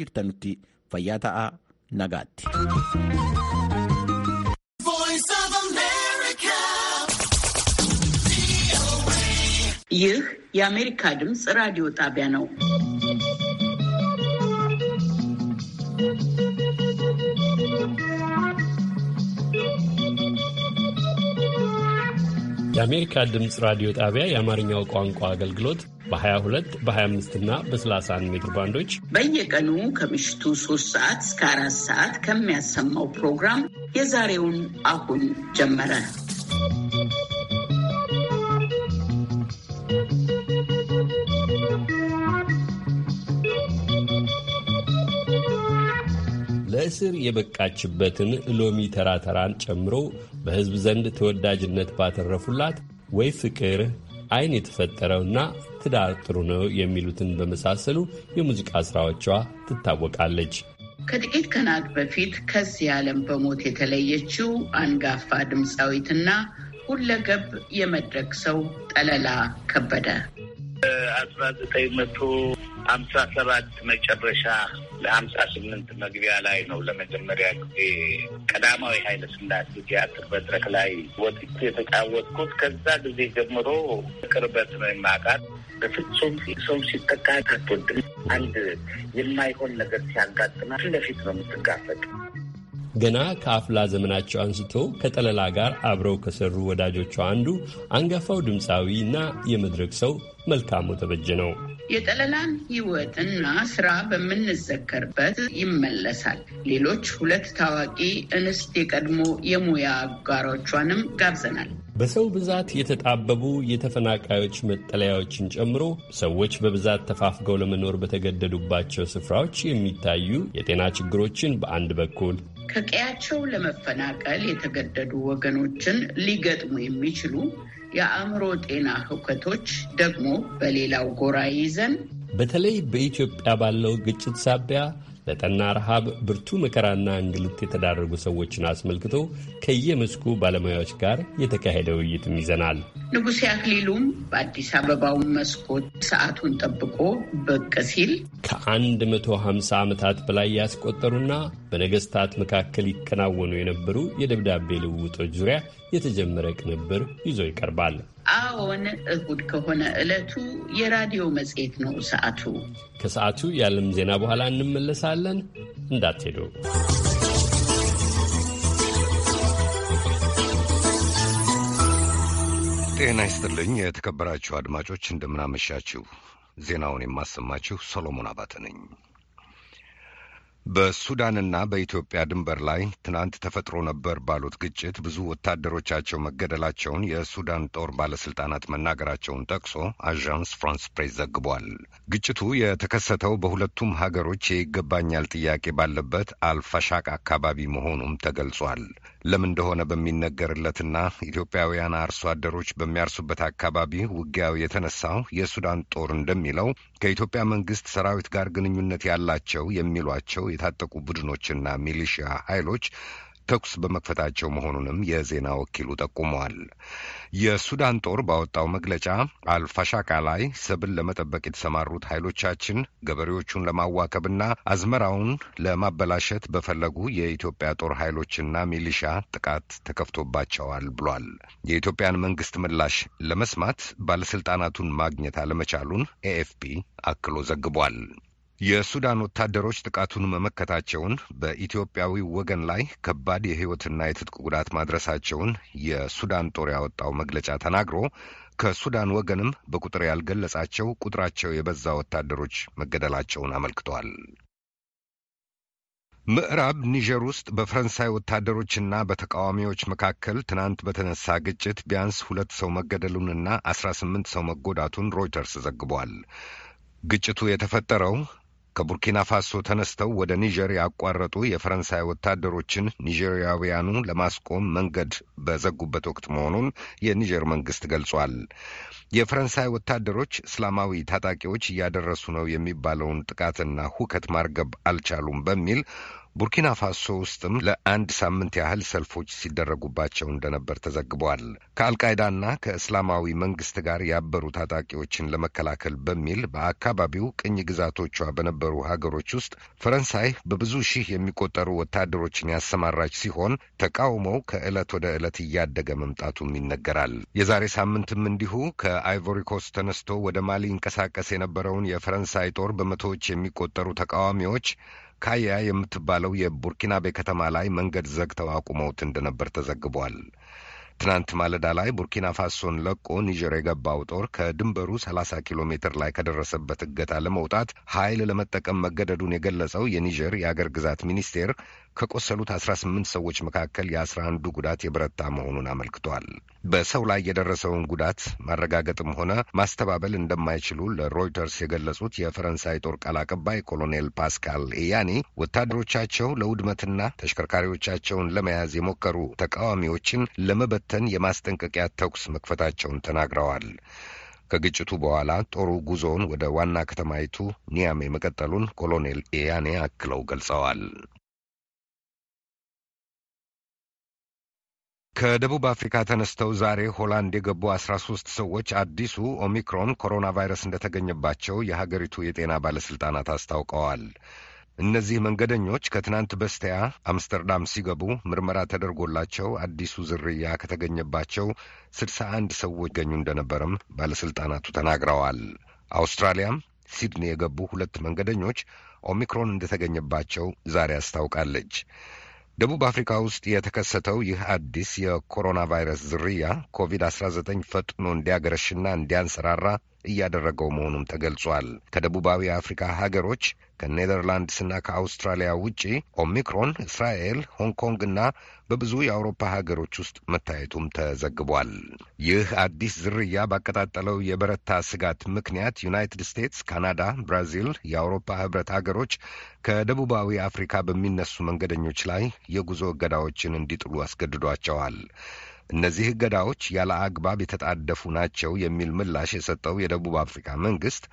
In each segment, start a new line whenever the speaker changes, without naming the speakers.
jirtanitti fayyaa ta'a nagaatti. ይህ የአሜሪካ ድምፅ ራዲዮ ጣቢያ ነው።
የአሜሪካ ድምፅ ራዲዮ ጣቢያ የአማርኛው ቋንቋ አገልግሎት በ22 በ25 እና በ31 ሜትር ባንዶች በየቀኑ ከምሽቱ 3 ሰዓት እስከ 4 ሰዓት ከሚያሰማው
ፕሮግራም የዛሬውን አሁን ጀመረ።
ለእስር የበቃችበትን ሎሚ ተራተራን ጨምሮ በሕዝብ ዘንድ ተወዳጅነት ባተረፉላት ወይ ፍቅር አይን የተፈጠረውና ትዳር ጥሩ ነው የሚሉትን በመሳሰሉ የሙዚቃ ስራዎቿ ትታወቃለች።
ከጥቂት ቀናት በፊት ከዚህ ዓለም በሞት የተለየችው አንጋፋ ድምፃዊትና ሁለገብ የመድረክ ሰው ጠለላ ከበደ
አስራ ዘጠኝ መቶ ሀምሳ ሰባት መጨረሻ ለሀምሳ ስምንት መግቢያ ላይ ነው ለመጀመሪያ ጊዜ ቀዳማዊ ኃይለ ሥላሴ ቲያትር መድረክ ላይ ወጥቼ የተጫወትኩት። ከዛ ጊዜ ጀምሮ ቅርበት ነው የማውቃት። በፍጹም ሰው ሲጠቃት አትወድም። አንድ የማይሆን ነገር ሲያጋጥማ ፊት ለፊት ነው የምትጋፈጥ።
ገና ከአፍላ ዘመናቸው አንስቶ ከጠለላ ጋር አብረው ከሰሩ ወዳጆቿ አንዱ አንጋፋው ድምፃዊ እና የመድረክ ሰው መልካሙ ተበጀ ነው።
የጠለላን ህይወትና ስራ በምንዘከርበት ይመለሳል። ሌሎች ሁለት ታዋቂ እንስት የቀድሞ የሙያ አጋሮቿንም ጋብዘናል።
በሰው ብዛት የተጣበቡ የተፈናቃዮች መጠለያዎችን ጨምሮ ሰዎች በብዛት ተፋፍገው ለመኖር በተገደዱባቸው ስፍራዎች የሚታዩ የጤና ችግሮችን በአንድ በኩል
ከቀያቸው ለመፈናቀል የተገደዱ ወገኖችን ሊገጥሙ የሚችሉ የአእምሮ ጤና ህውከቶች ደግሞ በሌላው ጎራ ይዘን
በተለይ በኢትዮጵያ ባለው ግጭት ሳቢያ ለጠና ረሃብ፣ ብርቱ መከራና እንግልት የተዳረጉ ሰዎችን አስመልክቶ ከየመስኩ ባለሙያዎች ጋር የተካሄደ ውይይትም ይዘናል።
ንጉሴ አክሊሉም በአዲስ አበባው መስኮት ሰዓቱን ጠብቆ ብቅ ሲል
ከአንድ መቶ ሃምሳ ዓመታት በላይ ያስቆጠሩና በነገሥታት መካከል ይከናወኑ የነበሩ የደብዳቤ ልውውጦች ዙሪያ የተጀመረ ቅንብር ይዞ ይቀርባል።
አዎን፣ እሁድ ከሆነ
ዕለቱ የራዲዮ መጽሔት ነው ሰዓቱ። ከሰዓቱ የዓለም ዜና በኋላ እንመለሳለን፣
እንዳትሄዱ። ጤና ይስጥልኝ የተከበራችሁ አድማጮች፣ እንደምናመሻችሁ። ዜናውን የማሰማችሁ ሰሎሞን አባተ ነኝ። በሱዳንና በኢትዮጵያ ድንበር ላይ ትናንት ተፈጥሮ ነበር ባሉት ግጭት ብዙ ወታደሮቻቸው መገደላቸውን የሱዳን ጦር ባለስልጣናት መናገራቸውን ጠቅሶ አዣንስ ፍራንስ ፕሬስ ዘግቧል። ግጭቱ የተከሰተው በሁለቱም ሀገሮች የይገባኛል ጥያቄ ባለበት አልፋሻቅ አካባቢ መሆኑም ተገልጿል። ለምን እንደሆነ በሚነገርለትና ኢትዮጵያውያን አርሶ አደሮች በሚያርሱበት አካባቢ ውጊያው የተነሳው የሱዳን ጦር እንደሚለው ከኢትዮጵያ መንግስት ሰራዊት ጋር ግንኙነት ያላቸው የሚሏቸው የታጠቁ ቡድኖችና ሚሊሺያ ኃይሎች ተኩስ በመክፈታቸው መሆኑንም የዜና ወኪሉ ጠቁመዋል። የሱዳን ጦር ባወጣው መግለጫ አልፋሻቃ ላይ ሰብል ለመጠበቅ የተሰማሩት ኃይሎቻችን ገበሬዎቹን ለማዋከብና አዝመራውን ለማበላሸት በፈለጉ የኢትዮጵያ ጦር ኃይሎችና ሚሊሻ ጥቃት ተከፍቶባቸዋል ብሏል። የኢትዮጵያን መንግስት ምላሽ ለመስማት ባለስልጣናቱን ማግኘት አለመቻሉን ኤኤፍፒ አክሎ ዘግቧል። የሱዳን ወታደሮች ጥቃቱን መመከታቸውን በኢትዮጵያዊ ወገን ላይ ከባድ የሕይወትና የትጥቅ ጉዳት ማድረሳቸውን የሱዳን ጦር ያወጣው መግለጫ ተናግሮ ከሱዳን ወገንም በቁጥር ያልገለጻቸው ቁጥራቸው የበዛ ወታደሮች መገደላቸውን አመልክቷል። ምዕራብ ኒጀር ውስጥ በፈረንሳይ ወታደሮችና በተቃዋሚዎች መካከል ትናንት በተነሳ ግጭት ቢያንስ ሁለት ሰው መገደሉንና አስራ ስምንት ሰው መጎዳቱን ሮይተርስ ዘግቧል። ግጭቱ የተፈጠረው ከቡርኪና ፋሶ ተነስተው ወደ ኒጀር ያቋረጡ የፈረንሳይ ወታደሮችን ኒጀሪያውያኑ ለማስቆም መንገድ በዘጉበት ወቅት መሆኑን የኒጀር መንግስት ገልጿል። የፈረንሳይ ወታደሮች እስላማዊ ታጣቂዎች እያደረሱ ነው የሚባለውን ጥቃትና ሁከት ማርገብ አልቻሉም በሚል ቡርኪና ፋሶ ውስጥም ለአንድ ሳምንት ያህል ሰልፎች ሲደረጉባቸው እንደነበር ተዘግቧል። ከአልቃይዳና ከእስላማዊ መንግስት ጋር ያበሩ ታጣቂዎችን ለመከላከል በሚል በአካባቢው ቅኝ ግዛቶቿ በነበሩ ሀገሮች ውስጥ ፈረንሳይ በብዙ ሺህ የሚቆጠሩ ወታደሮችን ያሰማራች ሲሆን ተቃውሞው ከዕለት ወደ ዕለት እያደገ መምጣቱም ይነገራል። የዛሬ ሳምንትም እንዲሁ ከአይቮሪኮስ ተነስቶ ወደ ማሊ ይንቀሳቀስ የነበረውን የፈረንሳይ ጦር በመቶዎች የሚቆጠሩ ተቃዋሚዎች ካያ የምትባለው የቡርኪናቤ ከተማ ላይ መንገድ ዘግተው አቁመውት እንደነበር ተዘግቧል። ትናንት ማለዳ ላይ ቡርኪና ፋሶን ለቆ ኒጀር የገባው ጦር ከድንበሩ 30 ኪሎ ሜትር ላይ ከደረሰበት እገታ ለመውጣት ኃይል ለመጠቀም መገደዱን የገለጸው የኒጀር የአገር ግዛት ሚኒስቴር ከቆሰሉት 18 ሰዎች መካከል የአስራ አንዱ ጉዳት የበረታ መሆኑን አመልክቷል። በሰው ላይ የደረሰውን ጉዳት ማረጋገጥም ሆነ ማስተባበል እንደማይችሉ ለሮይተርስ የገለጹት የፈረንሳይ ጦር ቃል አቀባይ ኮሎኔል ፓስካል ኤያኒ ወታደሮቻቸው ለውድመትና ተሽከርካሪዎቻቸውን ለመያዝ የሞከሩ ተቃዋሚዎችን ለመበተን የማስጠንቀቂያ ተኩስ መክፈታቸውን ተናግረዋል። ከግጭቱ በኋላ ጦሩ ጉዞውን ወደ ዋና ከተማይቱ ኒያሜ መቀጠሉን ኮሎኔል ኤያኔ አክለው ገልጸዋል። ከደቡብ አፍሪካ ተነስተው ዛሬ ሆላንድ የገቡ አስራ ሶስት ሰዎች አዲሱ ኦሚክሮን ኮሮና ቫይረስ እንደተገኘባቸው የሀገሪቱ የጤና ባለሥልጣናት አስታውቀዋል። እነዚህ መንገደኞች ከትናንት በስቲያ አምስተርዳም ሲገቡ ምርመራ ተደርጎላቸው አዲሱ ዝርያ ከተገኘባቸው ስድሳ አንድ ሰዎች ገኙ እንደነበረም ባለሥልጣናቱ ተናግረዋል። አውስትራሊያም ሲድኒ የገቡ ሁለት መንገደኞች ኦሚክሮን እንደተገኘባቸው ዛሬ አስታውቃለች። ደቡብ አፍሪካ ውስጥ የተከሰተው ይህ አዲስ የኮሮና ቫይረስ ዝርያ ኮቪድ-19 ፈጥኖ እንዲያገረሽና እንዲያንሰራራ እያደረገው መሆኑም ተገልጿል። ከደቡባዊ አፍሪካ ሀገሮች ከኔዘርላንድስና ከአውስትራሊያ ውጪ ኦሚክሮን እስራኤል፣ ሆንግ ኮንግ እና በብዙ የአውሮፓ ሀገሮች ውስጥ መታየቱም ተዘግቧል። ይህ አዲስ ዝርያ ባቀጣጠለው የበረታ ስጋት ምክንያት ዩናይትድ ስቴትስ፣ ካናዳ፣ ብራዚል፣ የአውሮፓ ህብረት ሀገሮች ከደቡባዊ አፍሪካ በሚነሱ መንገደኞች ላይ የጉዞ እገዳዎችን እንዲጥሉ አስገድዷቸዋል። እነዚህ እገዳዎች ያለ አግባብ የተጣደፉ ናቸው የሚል ምላሽ የሰጠው የደቡብ አፍሪካ መንግስት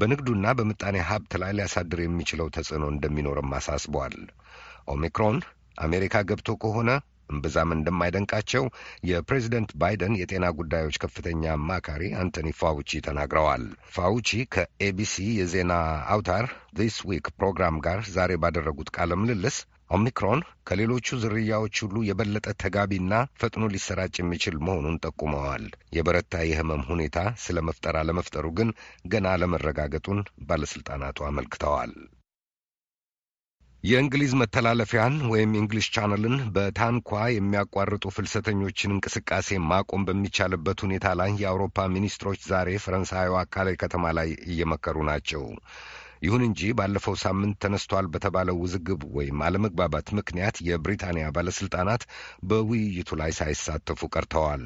በንግዱና በምጣኔ ሀብት ላይ ሊያሳድር የሚችለው ተጽዕኖ እንደሚኖርም አሳስበዋል። ኦሚክሮን አሜሪካ ገብቶ ከሆነ እምብዛም እንደማይደንቃቸው የፕሬዚደንት ባይደን የጤና ጉዳዮች ከፍተኛ አማካሪ አንቶኒ ፋውቺ ተናግረዋል። ፋውቺ ከኤቢሲ የዜና አውታር ዚስ ዊክ ፕሮግራም ጋር ዛሬ ባደረጉት ቃለ ምልልስ ኦሚክሮን ከሌሎቹ ዝርያዎች ሁሉ የበለጠ ተጋቢና ፈጥኖ ሊሰራጭ የሚችል መሆኑን ጠቁመዋል። የበረታ የህመም ሁኔታ ስለ መፍጠር አለመፍጠሩ ግን ገና አለመረጋገጡን ባለሥልጣናቱ አመልክተዋል። የእንግሊዝ መተላለፊያን ወይም እንግሊሽ ቻነልን በታንኳ የሚያቋርጡ ፍልሰተኞችን እንቅስቃሴ ማቆም በሚቻልበት ሁኔታ ላይ የአውሮፓ ሚኒስትሮች ዛሬ ፈረንሳይዋ ካሌ ከተማ ላይ እየመከሩ ናቸው። ይሁን እንጂ ባለፈው ሳምንት ተነስቷል በተባለው ውዝግብ ወይም አለመግባባት ምክንያት የብሪታንያ ባለሥልጣናት በውይይቱ ላይ ሳይሳተፉ ቀርተዋል።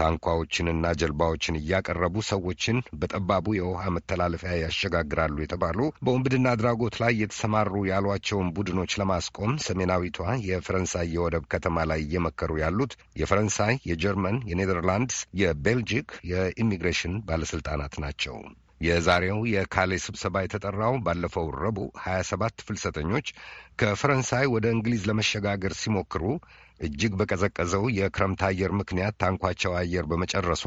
ታንኳዎችንና ጀልባዎችን እያቀረቡ ሰዎችን በጠባቡ የውሃ መተላለፊያ ያሸጋግራሉ የተባሉ በወንብድና አድራጎት ላይ የተሰማሩ ያሏቸውን ቡድኖች ለማስቆም ሰሜናዊቷ የፈረንሳይ የወደብ ከተማ ላይ እየመከሩ ያሉት የፈረንሳይ፣ የጀርመን፣ የኔዘርላንድስ፣ የቤልጂክ የኢሚግሬሽን ባለስልጣናት ናቸው። የዛሬው የካሌ ስብሰባ የተጠራው ባለፈው ረቡዕ 27 ፍልሰተኞች ከፈረንሳይ ወደ እንግሊዝ ለመሸጋገር ሲሞክሩ እጅግ በቀዘቀዘው የክረምት አየር ምክንያት ታንኳቸው አየር በመጨረሷ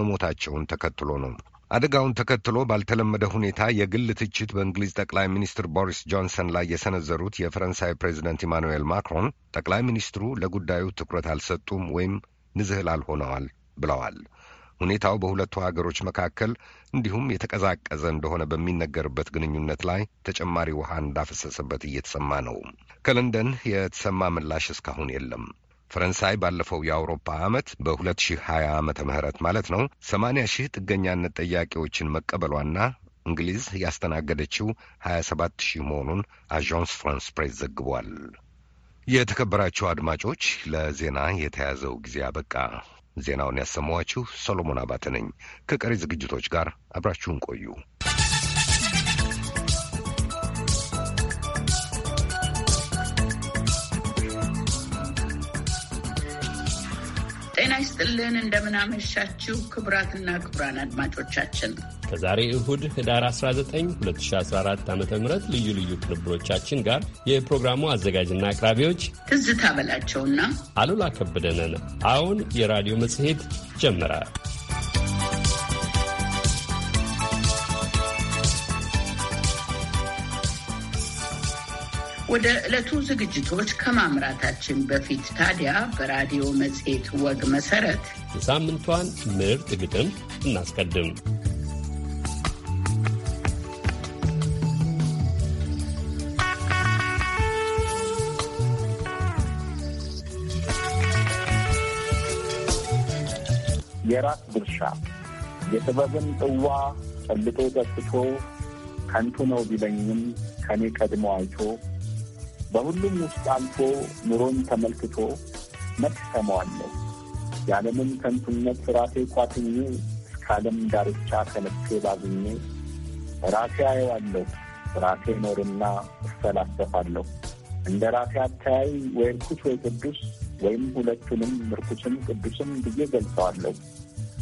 መሞታቸውን ተከትሎ ነው። አደጋውን ተከትሎ ባልተለመደ ሁኔታ የግል ትችት በእንግሊዝ ጠቅላይ ሚኒስትር ቦሪስ ጆንሰን ላይ የሰነዘሩት የፈረንሳይ ፕሬዚደንት ኢማኑኤል ማክሮን ጠቅላይ ሚኒስትሩ ለጉዳዩ ትኩረት አልሰጡም ወይም ንዝህላል ሆነዋል ብለዋል። ሁኔታው በሁለቱ ሀገሮች መካከል እንዲሁም የተቀዛቀዘ እንደሆነ በሚነገርበት ግንኙነት ላይ ተጨማሪ ውሃ እንዳፈሰሰበት እየተሰማ ነው። ከለንደን የተሰማ ምላሽ እስካሁን የለም። ፈረንሳይ ባለፈው የአውሮፓ ዓመት በ2020 ዓመተ ምህረት ማለት ነው 80 ሺህ ጥገኛነት ጠያቂዎችን መቀበሏና እንግሊዝ ያስተናገደችው 27 ሺህ መሆኑን አዣንስ ፍራንስ ፕሬስ ዘግቧል። የተከበራችሁ አድማጮች ለዜና የተያዘው ጊዜ አበቃ። ዜናውን ያሰማኋችሁ ሰሎሞን አባተ ነኝ። ከቀሪ ዝግጅቶች ጋር አብራችሁን ቆዩ።
ይስጥልን። እንደምናመሻችው ክቡራትና ክቡራን አድማጮቻችን
ከዛሬ እሁድ ህዳር 19 2014 ዓ ም ልዩ ልዩ ቅንብሮቻችን ጋር የፕሮግራሙ አዘጋጅና አቅራቢዎች
ትዝታ በላቸውና
አሉላ ከበደንን። አሁን የራዲዮ መጽሔት ጀመረ።
ወደ ዕለቱ ዝግጅቶች ከማምራታችን በፊት ታዲያ በራዲዮ
መጽሔት ወግ መሰረት የሳምንቷን ምርጥ ግጥም እናስቀድም።
የራስ ድርሻ የጥበብን ጥዋ ጠልቶ ጠጥቶ ከንቱ ነው ቢለኝም ከኔ ቀድሞ አይቶ በሁሉም ውስጥ አልፎ ኑሮን ተመልክቶ መቅሰመዋለሁ። የዓለምን ከንቱነት ራሴ ኳትኝ እስከ ዓለም ዳርቻ ከልኬ ባዝኜ ራሴ አየዋለሁ። ራሴ ኖርና እሰላሰፋለሁ። እንደ ራሴ አተያይ ወይ ወይ ቅዱስ ወይም ሁለቱንም እርኩስም ቅዱስም ብዬ ገልጸዋለሁ።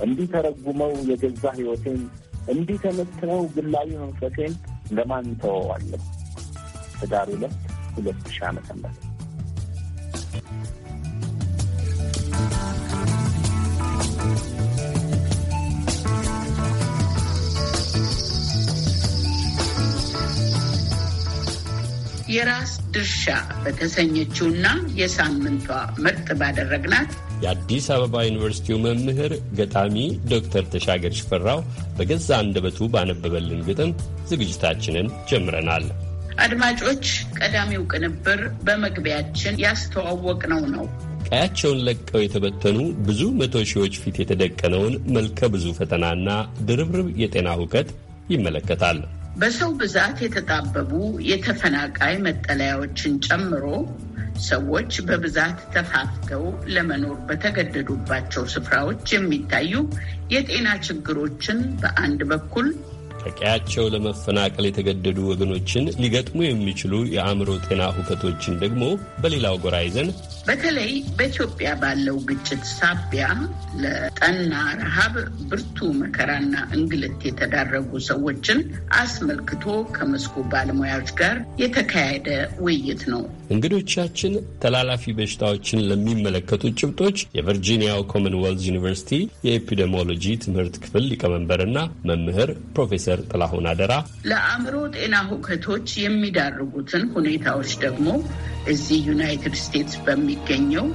እንዲህ ተረጉመው የገዛ ሕይወቴን እንዲህ ተመትነው ግላዊ መንፈሴን ለማን ተወዋለሁ? ህዳር ሁለት ሁለት ሺ ዓመተ ምህረት
የራስ ድርሻ በተሰኘችውና የሳምንቷ ምርጥ ባደረግናት
የአዲስ አበባ ዩኒቨርሲቲው መምህር ገጣሚ ዶክተር ተሻገር ሽፈራው በገዛ አንደበቱ ባነበበልን ግጥም ዝግጅታችንን ጀምረናል።
አድማጮች፣ ቀዳሚው ቅንብር በመግቢያችን ያስተዋወቅነው ነው።
ቀያቸውን ለቀው የተበተኑ ብዙ መቶ ሺዎች ፊት የተደቀነውን መልከ ብዙ ፈተናና ድርብርብ የጤና እውቀት ይመለከታል።
በሰው ብዛት የተጣበቡ የተፈናቃይ መጠለያዎችን ጨምሮ ሰዎች በብዛት ተፋፍተው ለመኖር በተገደዱባቸው ስፍራዎች የሚታዩ የጤና ችግሮችን በአንድ በኩል
ከቀያቸው ለመፈናቀል የተገደዱ ወገኖችን ሊገጥሙ የሚችሉ የአእምሮ ጤና ሁከቶችን ደግሞ በሌላው ጎራ ይዘን
በተለይ በኢትዮጵያ ባለው ግጭት ሳቢያ ለጠና ረሃብ፣ ብርቱ መከራና እንግልት የተዳረጉ ሰዎችን አስመልክቶ ከመስኩ ባለሙያዎች ጋር የተካሄደ ውይይት ነው።
እንግዶቻችን ተላላፊ በሽታዎችን ለሚመለከቱ ጭብጦች የቨርጂኒያው ኮመንዌልዝ ዩኒቨርሲቲ የኤፒዴሞሎጂ ትምህርት ክፍል ሊቀመንበርና መምህር ፕሮፌሰር ጥላሁን አደራ
ለአእምሮ ጤና ሁከቶች የሚዳርጉትን ሁኔታዎች ደግሞ እዚህ ዩናይትድ ስቴትስ በሚገኘው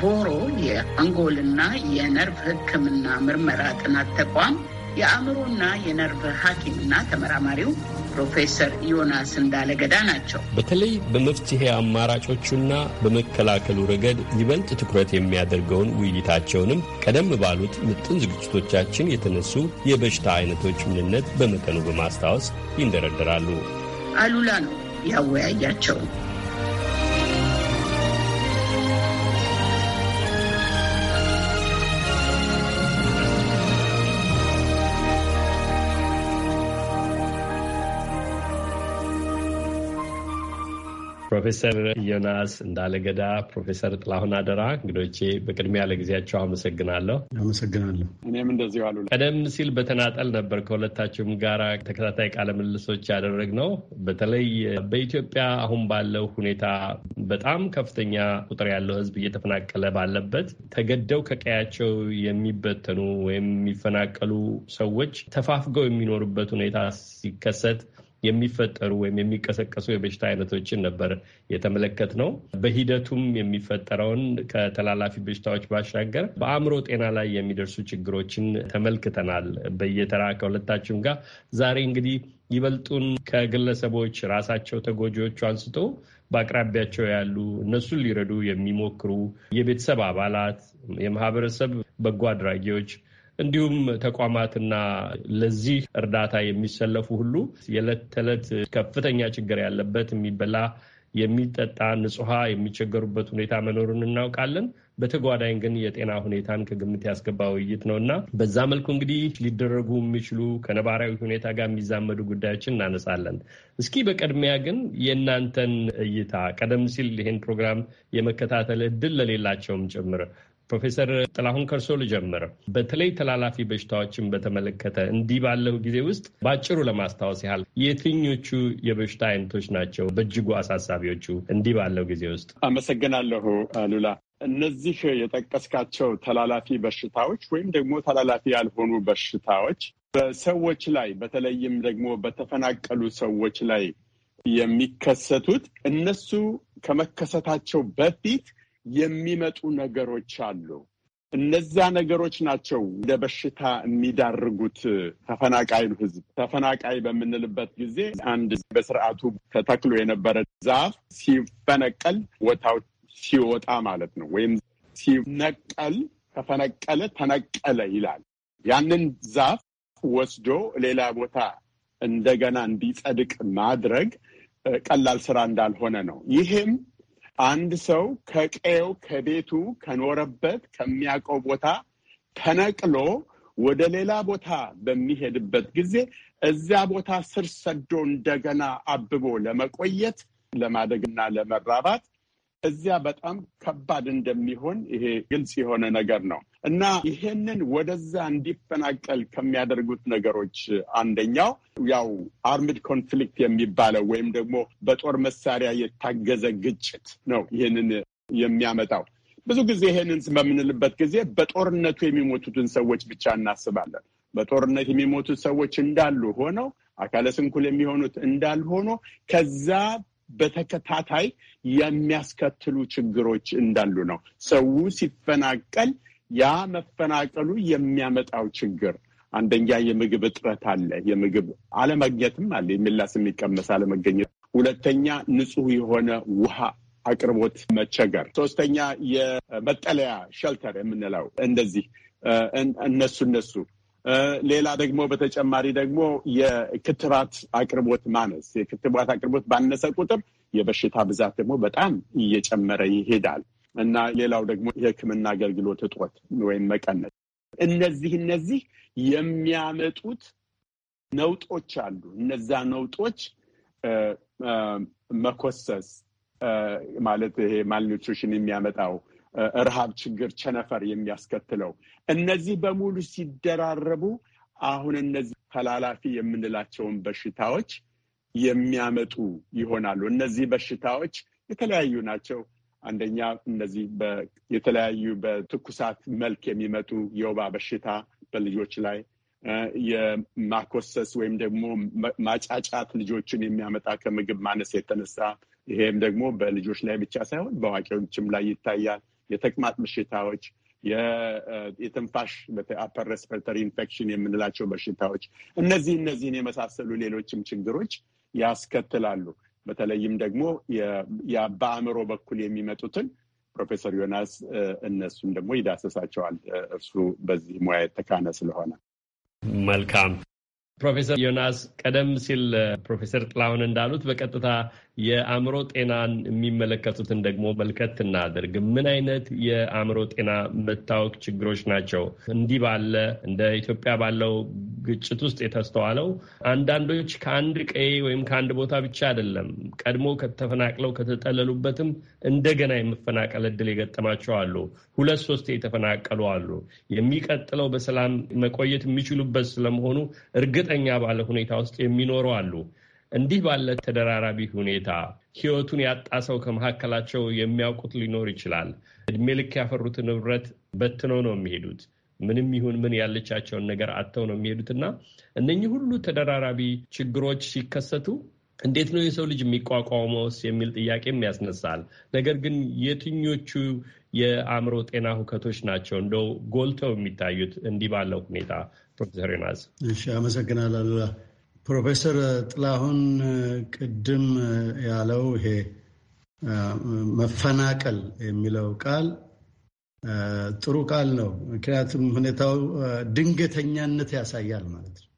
ቦሮ የአንጎልና የነርቭ ሕክምና ምርመራ ጥናት ተቋም የአእምሮና የነርቭ ሐኪምና ተመራማሪው ፕሮፌሰር ዮናስ እንዳለገዳ ናቸው።
በተለይ በመፍትሄ አማራጮቹና በመከላከሉ ረገድ ይበልጥ ትኩረት የሚያደርገውን ውይይታቸውንም ቀደም ባሉት ምጥን ዝግጅቶቻችን የተነሱ የበሽታ አይነቶች ምንነት በመጠኑ በማስታወስ ይንደረደራሉ።
አሉላ ነው ያወያያቸው።
ፕሮፌሰር ዮናስ እንዳለገዳ፣ ፕሮፌሰር ጥላሁን አደራ እንግዶቼ በቅድሚያ ለጊዜያቸው አመሰግናለሁ። አመሰግናለሁ። እኔም እንደዚሁ አሉ። ቀደም ሲል በተናጠል ነበር ከሁለታችሁም ጋር ተከታታይ ቃለ ምልልሶች ያደረግነው። በተለይ በኢትዮጵያ አሁን ባለው ሁኔታ በጣም ከፍተኛ ቁጥር ያለው ሕዝብ እየተፈናቀለ ባለበት ተገደው ከቀያቸው የሚበተኑ ወይም የሚፈናቀሉ ሰዎች ተፋፍገው የሚኖሩበት ሁኔታ ሲከሰት የሚፈጠሩ ወይም የሚቀሰቀሱ የበሽታ አይነቶችን ነበር የተመለከት ነው። በሂደቱም የሚፈጠረውን ከተላላፊ በሽታዎች ባሻገር በአእምሮ ጤና ላይ የሚደርሱ ችግሮችን ተመልክተናል በየተራ ከሁለታችሁም ጋር። ዛሬ እንግዲህ ይበልጡን ከግለሰቦች ራሳቸው ተጎጂዎቹ አንስቶ በአቅራቢያቸው ያሉ እነሱን ሊረዱ የሚሞክሩ የቤተሰብ አባላት፣ የማህበረሰብ በጎ አድራጊዎች እንዲሁም ተቋማትና ለዚህ እርዳታ የሚሰለፉ ሁሉ የዕለት ተዕለት ከፍተኛ ችግር ያለበት የሚበላ የሚጠጣ ንጹሃ የሚቸገሩበት ሁኔታ መኖሩን እናውቃለን። በተጓዳኝ ግን የጤና ሁኔታን ከግምት ያስገባ ውይይት ነው እና በዛ መልኩ እንግዲህ ሊደረጉ የሚችሉ ከነባራዊ ሁኔታ ጋር የሚዛመዱ ጉዳዮችን እናነሳለን። እስኪ በቅድሚያ ግን የእናንተን እይታ ቀደም ሲል ይህን ፕሮግራም የመከታተል እድል ለሌላቸውም ጭምር ፕሮፌሰር ጥላሁን ከርሶ ልጀምር። በተለይ ተላላፊ በሽታዎችን በተመለከተ እንዲህ ባለው ጊዜ ውስጥ በአጭሩ ለማስታወስ ያህል የትኞቹ የበሽታ አይነቶች ናቸው በእጅጉ አሳሳቢዎቹ እንዲህ ባለው ጊዜ ውስጥ? አመሰግናለሁ አሉላ።
እነዚህ የጠቀስካቸው ተላላፊ በሽታዎች ወይም ደግሞ ተላላፊ ያልሆኑ በሽታዎች በሰዎች ላይ በተለይም ደግሞ በተፈናቀሉ ሰዎች ላይ የሚከሰቱት እነሱ ከመከሰታቸው በፊት የሚመጡ ነገሮች አሉ። እነዛ ነገሮች ናቸው እንደ በሽታ የሚዳርጉት ተፈናቃይ ህዝብ ተፈናቃይ በምንልበት ጊዜ አንድ በስርዓቱ ተተክሎ የነበረ ዛፍ ሲፈነቀል ቦታው ሲወጣ ማለት ነው። ወይም ሲነቀል ተፈነቀለ፣ ተነቀለ ይላል። ያንን ዛፍ ወስዶ ሌላ ቦታ እንደገና እንዲጸድቅ ማድረግ ቀላል ስራ እንዳልሆነ ነው። ይሄም አንድ ሰው ከቀየው ከቤቱ ከኖረበት ከሚያውቀው ቦታ ተነቅሎ ወደ ሌላ ቦታ በሚሄድበት ጊዜ እዚያ ቦታ ስር ሰዶ እንደገና አብቦ ለመቆየት ለማደግና ለመራባት እዚያ በጣም ከባድ እንደሚሆን ይሄ ግልጽ የሆነ ነገር ነው እና ይሄንን ወደዛ እንዲፈናቀል ከሚያደርጉት ነገሮች አንደኛው ያው አርምድ ኮንፍሊክት የሚባለው ወይም ደግሞ በጦር መሳሪያ የታገዘ ግጭት ነው ይሄንን የሚያመጣው። ብዙ ጊዜ ይሄንን በምንልበት ጊዜ በጦርነቱ የሚሞቱትን ሰዎች ብቻ እናስባለን። በጦርነት የሚሞቱት ሰዎች እንዳሉ ሆነው አካለ ስንኩል የሚሆኑት እንዳልሆኖ ከዛ በተከታታይ የሚያስከትሉ ችግሮች እንዳሉ ነው። ሰው ሲፈናቀል ያ መፈናቀሉ የሚያመጣው ችግር አንደኛ የምግብ እጥረት አለ። የምግብ አለመግኘትም አለ፣ የሚላስ የሚቀመስ አለመገኘት። ሁለተኛ ንጹህ የሆነ ውሃ አቅርቦት መቸገር። ሶስተኛ የመጠለያ ሸልተር የምንለው እንደዚህ እነሱ እነሱ ሌላ ደግሞ በተጨማሪ ደግሞ የክትባት አቅርቦት ማነስ፣ የክትባት አቅርቦት ባነሰ ቁጥር የበሽታ ብዛት ደግሞ በጣም እየጨመረ ይሄዳል እና ሌላው ደግሞ የሕክምና አገልግሎት እጦት ወይም መቀነስ፣ እነዚህ እነዚህ የሚያመጡት ነውጦች አሉ። እነዛ ነውጦች መኮሰስ ማለት ይሄ ማልኒትሪሽን የሚያመጣው ረሃብ፣ ችግር፣ ቸነፈር የሚያስከትለው እነዚህ በሙሉ ሲደራረቡ አሁን እነዚህ ተላላፊ የምንላቸውን በሽታዎች የሚያመጡ ይሆናሉ። እነዚህ በሽታዎች የተለያዩ ናቸው። አንደኛ እነዚህ የተለያዩ በትኩሳት መልክ የሚመጡ የወባ በሽታ በልጆች ላይ የማኮሰስ ወይም ደግሞ ማጫጫት ልጆችን የሚያመጣ ከምግብ ማነስ የተነሳ ይሄም ደግሞ በልጆች ላይ ብቻ ሳይሆን በአዋቂዎችም ላይ ይታያል። የተቅማጥ በሽታዎች፣ የትንፋሽ አፐር ሬስፐርተሪ ኢንፌክሽን የምንላቸው በሽታዎች እነዚህ እነዚህን የመሳሰሉ ሌሎችም ችግሮች ያስከትላሉ። በተለይም ደግሞ በአእምሮ በኩል የሚመጡትን ፕሮፌሰር ዮናስ እነሱን ደግሞ ይዳሰሳቸዋል። እርሱ በዚህ ሙያ የተካነ ስለሆነ
መልካም። ፕሮፌሰር ዮናስ ቀደም ሲል ፕሮፌሰር ጥላሁን እንዳሉት በቀጥታ የአእምሮ ጤናን የሚመለከቱትን ደግሞ መልከት እናደርግ። ምን አይነት የአእምሮ ጤና መታወክ ችግሮች ናቸው? እንዲህ ባለ እንደ ኢትዮጵያ ባለው ግጭት ውስጥ የተስተዋለው አንዳንዶች ከአንድ ቀዬ ወይም ከአንድ ቦታ ብቻ አይደለም፣ ቀድሞ ከተፈናቅለው ከተጠለሉበትም እንደገና የመፈናቀል እድል የገጠማቸው አሉ። ሁለት ሶስት የተፈናቀሉ አሉ። የሚቀጥለው በሰላም መቆየት የሚችሉበት ስለመሆኑ እርግጠኛ ባለ ሁኔታ ውስጥ የሚኖሩ አሉ። እንዲህ ባለ ተደራራቢ ሁኔታ ሕይወቱን ያጣ ሰው ከመካከላቸው የሚያውቁት ሊኖር ይችላል። እድሜ ልክ ያፈሩትን ንብረት በትነው ነው የሚሄዱት። ምንም ይሁን ምን ያለቻቸውን ነገር አጥተው ነው የሚሄዱት እና እነኚህ ሁሉ ተደራራቢ ችግሮች ሲከሰቱ እንዴት ነው የሰው ልጅ የሚቋቋመውስ የሚል ጥያቄም ያስነሳል። ነገር ግን የትኞቹ የአእምሮ ጤና ሁከቶች ናቸው እንደው ጎልተው የሚታዩት እንዲህ ባለው ሁኔታ? ፕሮፌሰር ዮናስ
እሺ፣ አመሰግናለሁ። ፕሮፌሰር ጥላሁን ቅድም ያለው ይሄ መፈናቀል የሚለው ቃል ጥሩ ቃል ነው። ምክንያቱም ሁኔታው ድንገተኛነት ያሳያል ማለት ነው።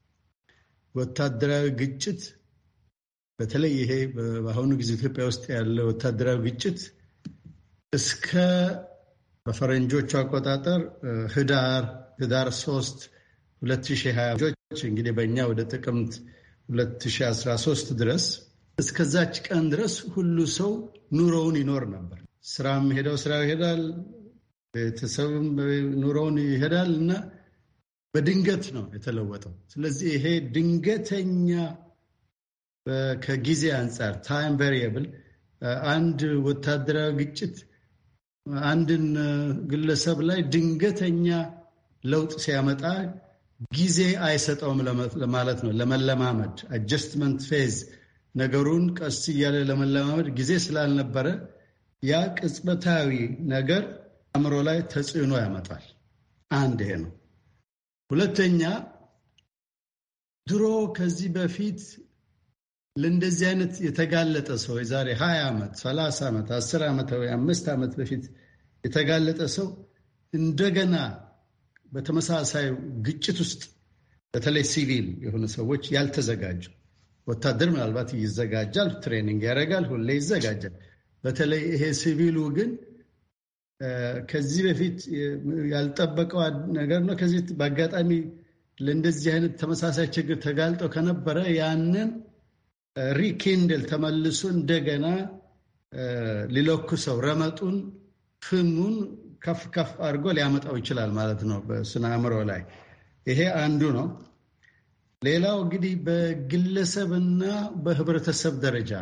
ወታደራዊ ግጭት በተለይ ይሄ በአሁኑ ጊዜ ኢትዮጵያ ውስጥ ያለ ወታደራዊ ግጭት እስከ በፈረንጆቹ አቆጣጠር ህዳር ህዳር ሶስት ሁለት 3 2020 እንግዲህ በእኛ ወደ ጥቅምት 2013 ድረስ እስከዛች ቀን ድረስ ሁሉ ሰው ኑሮውን ይኖር ነበር። ስራም ሄደው ስራ ይሄዳል፣ ቤተሰብም ኑሮውን ይሄዳል እና በድንገት ነው የተለወጠው። ስለዚህ ይሄ ድንገተኛ ከጊዜ አንጻር ታይም ቨሪየብል አንድ ወታደራዊ ግጭት አንድን ግለሰብ ላይ ድንገተኛ ለውጥ ሲያመጣ ጊዜ አይሰጠውም ለማለት ነው። ለመለማመድ አጀስትመንት ፌዝ ነገሩን ቀስ እያለ ለመለማመድ ጊዜ ስላልነበረ ያ ቅጽበታዊ ነገር አእምሮ ላይ ተጽዕኖ ያመጣል። አንድ ይሄ ነው። ሁለተኛ ድሮ ከዚህ በፊት ለእንደዚህ አይነት የተጋለጠ ሰው የዛሬ 20 ዓመት፣ 30 ዓመት፣ 10 ዓመት ወይ አምስት ዓመት በፊት የተጋለጠ ሰው እንደገና በተመሳሳይ ግጭት ውስጥ በተለይ ሲቪል የሆኑ ሰዎች ያልተዘጋጁ ወታደር ምናልባት ይዘጋጃል፣ ትሬኒንግ ያደርጋል፣ ሁሌ ይዘጋጃል። በተለይ ይሄ ሲቪሉ ግን ከዚህ በፊት ያልጠበቀው ነገር ነው። ከዚህ በአጋጣሚ ለእንደዚህ አይነት ተመሳሳይ ችግር ተጋልጦ ከነበረ ያንን ሪኬንድል ተመልሶ እንደገና ሊለኩሰው ረመጡን ፍሙን ከፍ ከፍ አድርጎ ሊያመጣው ይችላል ማለት ነው በስነ አእምሮ ላይ። ይሄ አንዱ ነው። ሌላው እንግዲህ በግለሰብና በህብረተሰብ ደረጃ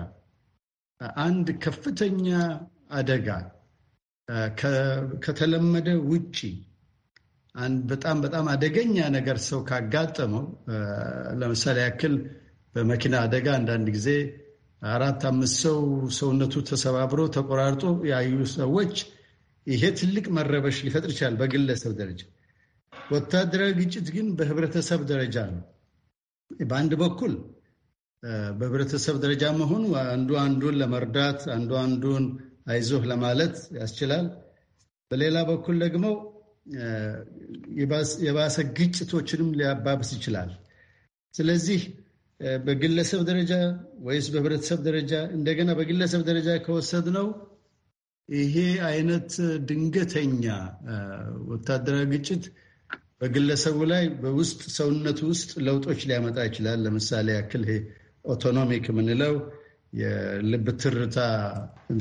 አንድ ከፍተኛ አደጋ ከተለመደ ውጪ በጣም በጣም አደገኛ ነገር ሰው ካጋጠመው ለምሳሌ ያክል በመኪና አደጋ አንዳንድ ጊዜ አራት አምስት ሰው ሰውነቱ ተሰባብሮ ተቆራርጦ ያዩ ሰዎች ይሄ ትልቅ መረበሽ ሊፈጥር ይችላል በግለሰብ ደረጃ። ወታደራዊ ግጭት ግን በህብረተሰብ ደረጃ ነው። በአንድ በኩል በህብረተሰብ ደረጃ መሆኑ አንዱ አንዱን ለመርዳት አንዱ አንዱን አይዞህ ለማለት ያስችላል። በሌላ በኩል ደግሞ የባሰ ግጭቶችንም ሊያባብስ ይችላል። ስለዚህ በግለሰብ ደረጃ ወይስ በህብረተሰብ ደረጃ እንደገና በግለሰብ ደረጃ ከወሰድነው ይሄ አይነት ድንገተኛ ወታደራዊ ግጭት በግለሰቡ ላይ በውስጥ ሰውነቱ ውስጥ ለውጦች ሊያመጣ ይችላል። ለምሳሌ ያክል ይሄ ኦቶኖሚክ የምንለው የልብ ትርታ፣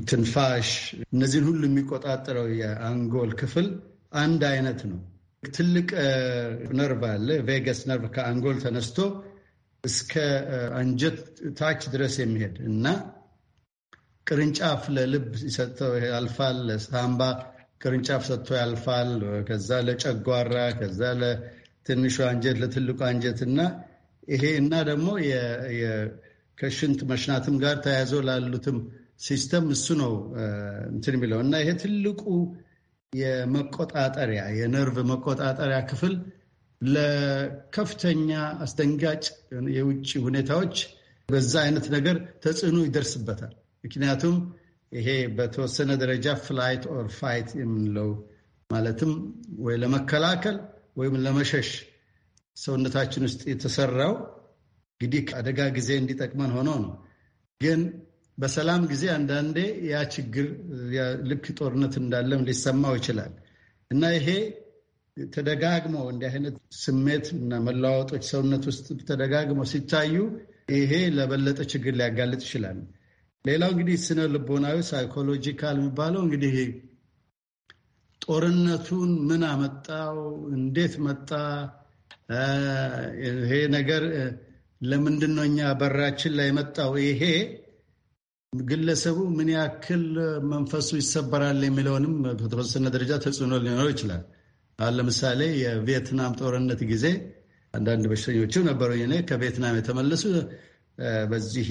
ትንፋሽ፣ እነዚህን ሁሉ የሚቆጣጠረው የአንጎል ክፍል አንድ አይነት ነው። ትልቅ ነርቭ አለ፣ ቬገስ ነርቭ ከአንጎል ተነስቶ እስከ አንጀት ታች ድረስ የሚሄድ እና ቅርንጫፍ ለልብ ሰጥተው ያልፋል፣ ለሳምባ ቅርንጫፍ ሰጥቶ ያልፋል። ከዛ ለጨጓራ፣ ከዛ ለትንሹ አንጀት፣ ለትልቁ አንጀት እና ይሄ እና ደግሞ ከሽንት መሽናትም ጋር ተያይዞ ላሉትም ሲስተም እሱ ነው እንትን የሚለው እና ይሄ ትልቁ የመቆጣጠሪያ የነርቭ መቆጣጠሪያ ክፍል ለከፍተኛ አስደንጋጭ የውጭ ሁኔታዎች በዛ አይነት ነገር ተጽዕኖ ይደርስበታል። ምክንያቱም ይሄ በተወሰነ ደረጃ ፍላይት ኦር ፋይት የምንለው ማለትም ወይ ለመከላከል ወይም ለመሸሽ ሰውነታችን ውስጥ የተሰራው እንግዲህ አደጋ ጊዜ እንዲጠቅመን ሆኖ ነው። ግን በሰላም ጊዜ አንዳንዴ ያ ችግር ልክ ጦርነት እንዳለም ሊሰማው ይችላል እና ይሄ ተደጋግሞ እንዲህ አይነት ስሜት እና መለዋወጦች ሰውነት ውስጥ ተደጋግሞ ሲታዩ ይሄ ለበለጠ ችግር ሊያጋልጥ ይችላል። ሌላው እንግዲህ ስነ ልቦናዊ ሳይኮሎጂካል የሚባለው እንግዲህ ጦርነቱን ምን አመጣው፣ እንዴት መጣ፣ ይሄ ነገር ለምንድን ነው እኛ በራችን ላይ መጣው፣ ይሄ ግለሰቡ ምን ያክል መንፈሱ ይሰበራል የሚለውንም በተወሰነ ደረጃ ተጽዕኖ ሊኖረው ይችላል። አሁን ለምሳሌ የቪየትናም ጦርነት ጊዜ አንዳንድ በሽተኞቹ ነበሩ። እኔ ከቪየትናም የተመለሱ በዚህ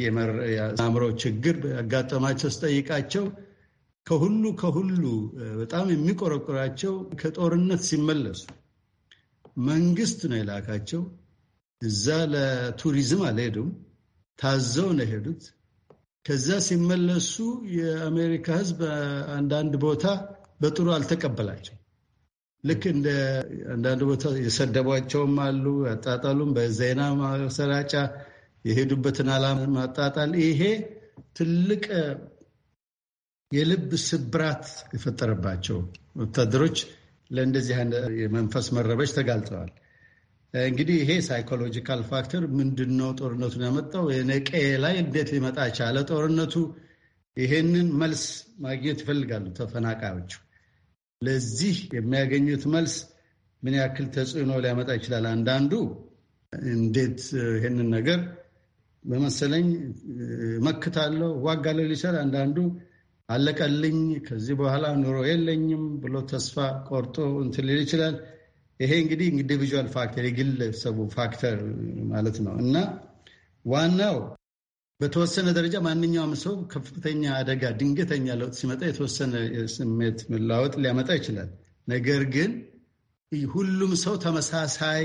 የአእምሮ ችግር ያጋጠማቸው ስጠይቃቸው ከሁሉ ከሁሉ በጣም የሚቆረቁራቸው ከጦርነት ሲመለሱ መንግስት ነው የላካቸው። እዛ ለቱሪዝም አልሄዱም፣ ታዘው ነው የሄዱት። ከዛ ሲመለሱ የአሜሪካ ሕዝብ አንዳንድ ቦታ በጥሩ አልተቀበላቸው። ልክ እንደ አንዳንድ ቦታ የሰደቧቸውም አሉ። ያጣጣሉም በዜና ማሰራጫ የሄዱበትን ዓላማ ማጣጣል ይሄ ትልቅ የልብ ስብራት የፈጠረባቸው ወታደሮች ለእንደዚህ የመንፈስ መረበሽ ተጋልጠዋል። እንግዲህ ይሄ ሳይኮሎጂካል ፋክተር ምንድን ነው ጦርነቱን ያመጣው? የነቀ ላይ እንዴት ሊመጣ ቻለ ጦርነቱ? ይሄንን መልስ ማግኘት ይፈልጋሉ ተፈናቃዮቹ። ለዚህ የሚያገኙት መልስ ምን ያክል ተጽዕኖ ሊያመጣ ይችላል? አንዳንዱ እንዴት ይህንን ነገር በመሰለኝ መክታለሁ፣ ዋጋለሁ ሊሰራ አንዳንዱ አለቀልኝ ከዚህ በኋላ ኑሮ የለኝም ብሎ ተስፋ ቆርጦ እንትን ሊል ይችላል። ይሄ እንግዲህ ኢንዲቪዥዋል ፋክተር የግለሰቡ ፋክተር ማለት ነው እና ዋናው በተወሰነ ደረጃ ማንኛውም ሰው ከፍተኛ አደጋ፣ ድንገተኛ ለውጥ ሲመጣ የተወሰነ ስሜት መላወጥ ሊያመጣ ይችላል። ነገር ግን ሁሉም ሰው ተመሳሳይ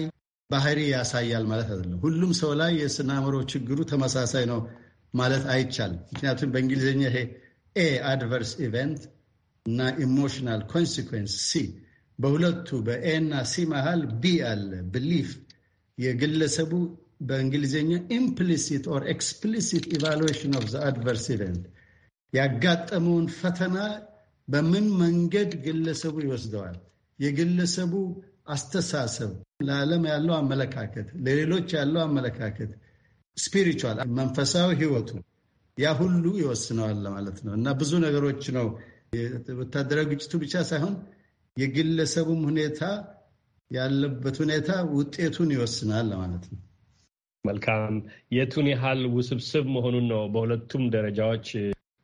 ባህሪ ያሳያል ማለት አይደለም። ሁሉም ሰው ላይ የስነ አእምሮ ችግሩ ተመሳሳይ ነው ማለት አይቻልም። ምክንያቱም በእንግሊዝኛ ይሄ ኤ አድቨርስ ኢቨንት እና ኢሞሽናል ኮንሲኩዌንስ ሲ በሁለቱ በኤ እና ሲ መሃል ቢ አለ ብሊፍ የግለሰቡ በእንግሊዝኛ ኢምፕሊሲት ኦር ኤክስፕሊሲት ኢቫሉዌሽን ኦፍ ዘ አድቨርስ ኢቨንት ያጋጠመውን ፈተና በምን መንገድ ግለሰቡ ይወስደዋል፣ የግለሰቡ አስተሳሰብ፣ ለዓለም ያለው አመለካከት፣ ለሌሎች ያለው አመለካከት፣ ስፒሪቹዋል መንፈሳዊ ህይወቱ ያ ሁሉ ይወስነዋል ማለት ነው እና ብዙ ነገሮች ነው ወታደራዊ ግጭቱ ብቻ ሳይሆን የግለሰቡም ሁኔታ ያለበት ሁኔታ ውጤቱን ይወስናል ማለት ነው።
መልካም የቱን ያህል ውስብስብ መሆኑን ነው በሁለቱም ደረጃዎች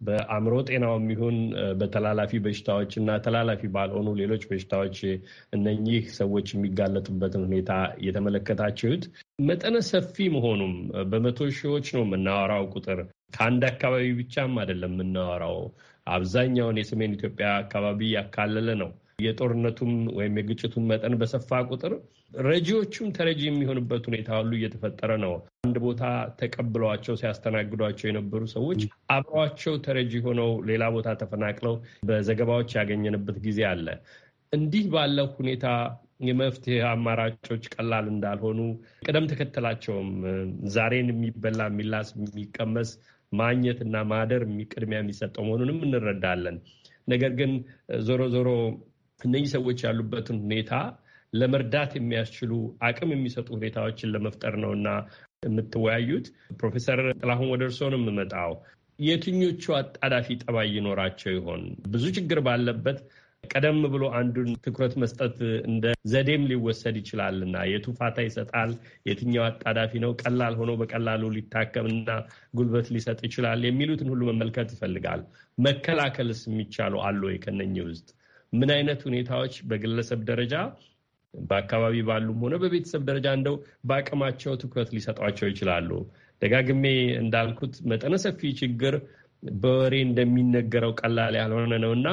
በአእምሮ ጤናው የሚሆን በተላላፊ በሽታዎች እና ተላላፊ ባልሆኑ ሌሎች በሽታዎች እነኚህ ሰዎች የሚጋለጡበትን ሁኔታ የተመለከታችሁት መጠነ ሰፊ መሆኑም በመቶ ሺዎች ነው የምናወራው ቁጥር ከአንድ አካባቢ ብቻም አይደለም የምናወራው። አብዛኛውን የሰሜን ኢትዮጵያ አካባቢ ያካለለ ነው። የጦርነቱም ወይም የግጭቱን መጠን በሰፋ ቁጥር ረጂዎቹም ተረጂ የሚሆንበት ሁኔታ ሁሉ እየተፈጠረ ነው። አንድ ቦታ ተቀብሏቸው ሲያስተናግዷቸው የነበሩ ሰዎች አብሯቸው ተረጂ ሆነው ሌላ ቦታ ተፈናቅለው በዘገባዎች ያገኘንበት ጊዜ አለ። እንዲህ ባለው ሁኔታ የመፍትሄ አማራጮች ቀላል እንዳልሆኑ ቅደም ተከተላቸውም ዛሬን የሚበላ የሚላስ፣ የሚቀመስ ማግኘት እና ማደር ቅድሚያ የሚሰጠው መሆኑንም እንረዳለን። ነገር ግን ዞሮ ዞሮ እነዚህ ሰዎች ያሉበትን ሁኔታ ለመርዳት የሚያስችሉ አቅም የሚሰጡ ሁኔታዎችን ለመፍጠር ነው እና የምትወያዩት። ፕሮፌሰር ጥላሁን ወደ እርስዎ ነው የምመጣው። የትኞቹ አጣዳፊ ጠባይ ይኖራቸው ይሆን? ብዙ ችግር ባለበት ቀደም ብሎ አንዱን ትኩረት መስጠት እንደ ዘዴም ሊወሰድ ይችላልና የቱ ፋታ ይሰጣል፣ የትኛው አጣዳፊ ነው፣ ቀላል ሆኖ በቀላሉ ሊታከምና ጉልበት ሊሰጥ ይችላል የሚሉትን ሁሉ መመልከት ይፈልጋል። መከላከልስ የሚቻሉ አሉ ወይ? ከነኚህ ውስጥ ምን አይነት ሁኔታዎች በግለሰብ ደረጃ በአካባቢ ባሉም ሆነ በቤተሰብ ደረጃ እንደው በአቅማቸው ትኩረት ሊሰጧቸው ይችላሉ። ደጋግሜ እንዳልኩት መጠነ ሰፊ ችግር በወሬ እንደሚነገረው ቀላል ያልሆነ ነው እና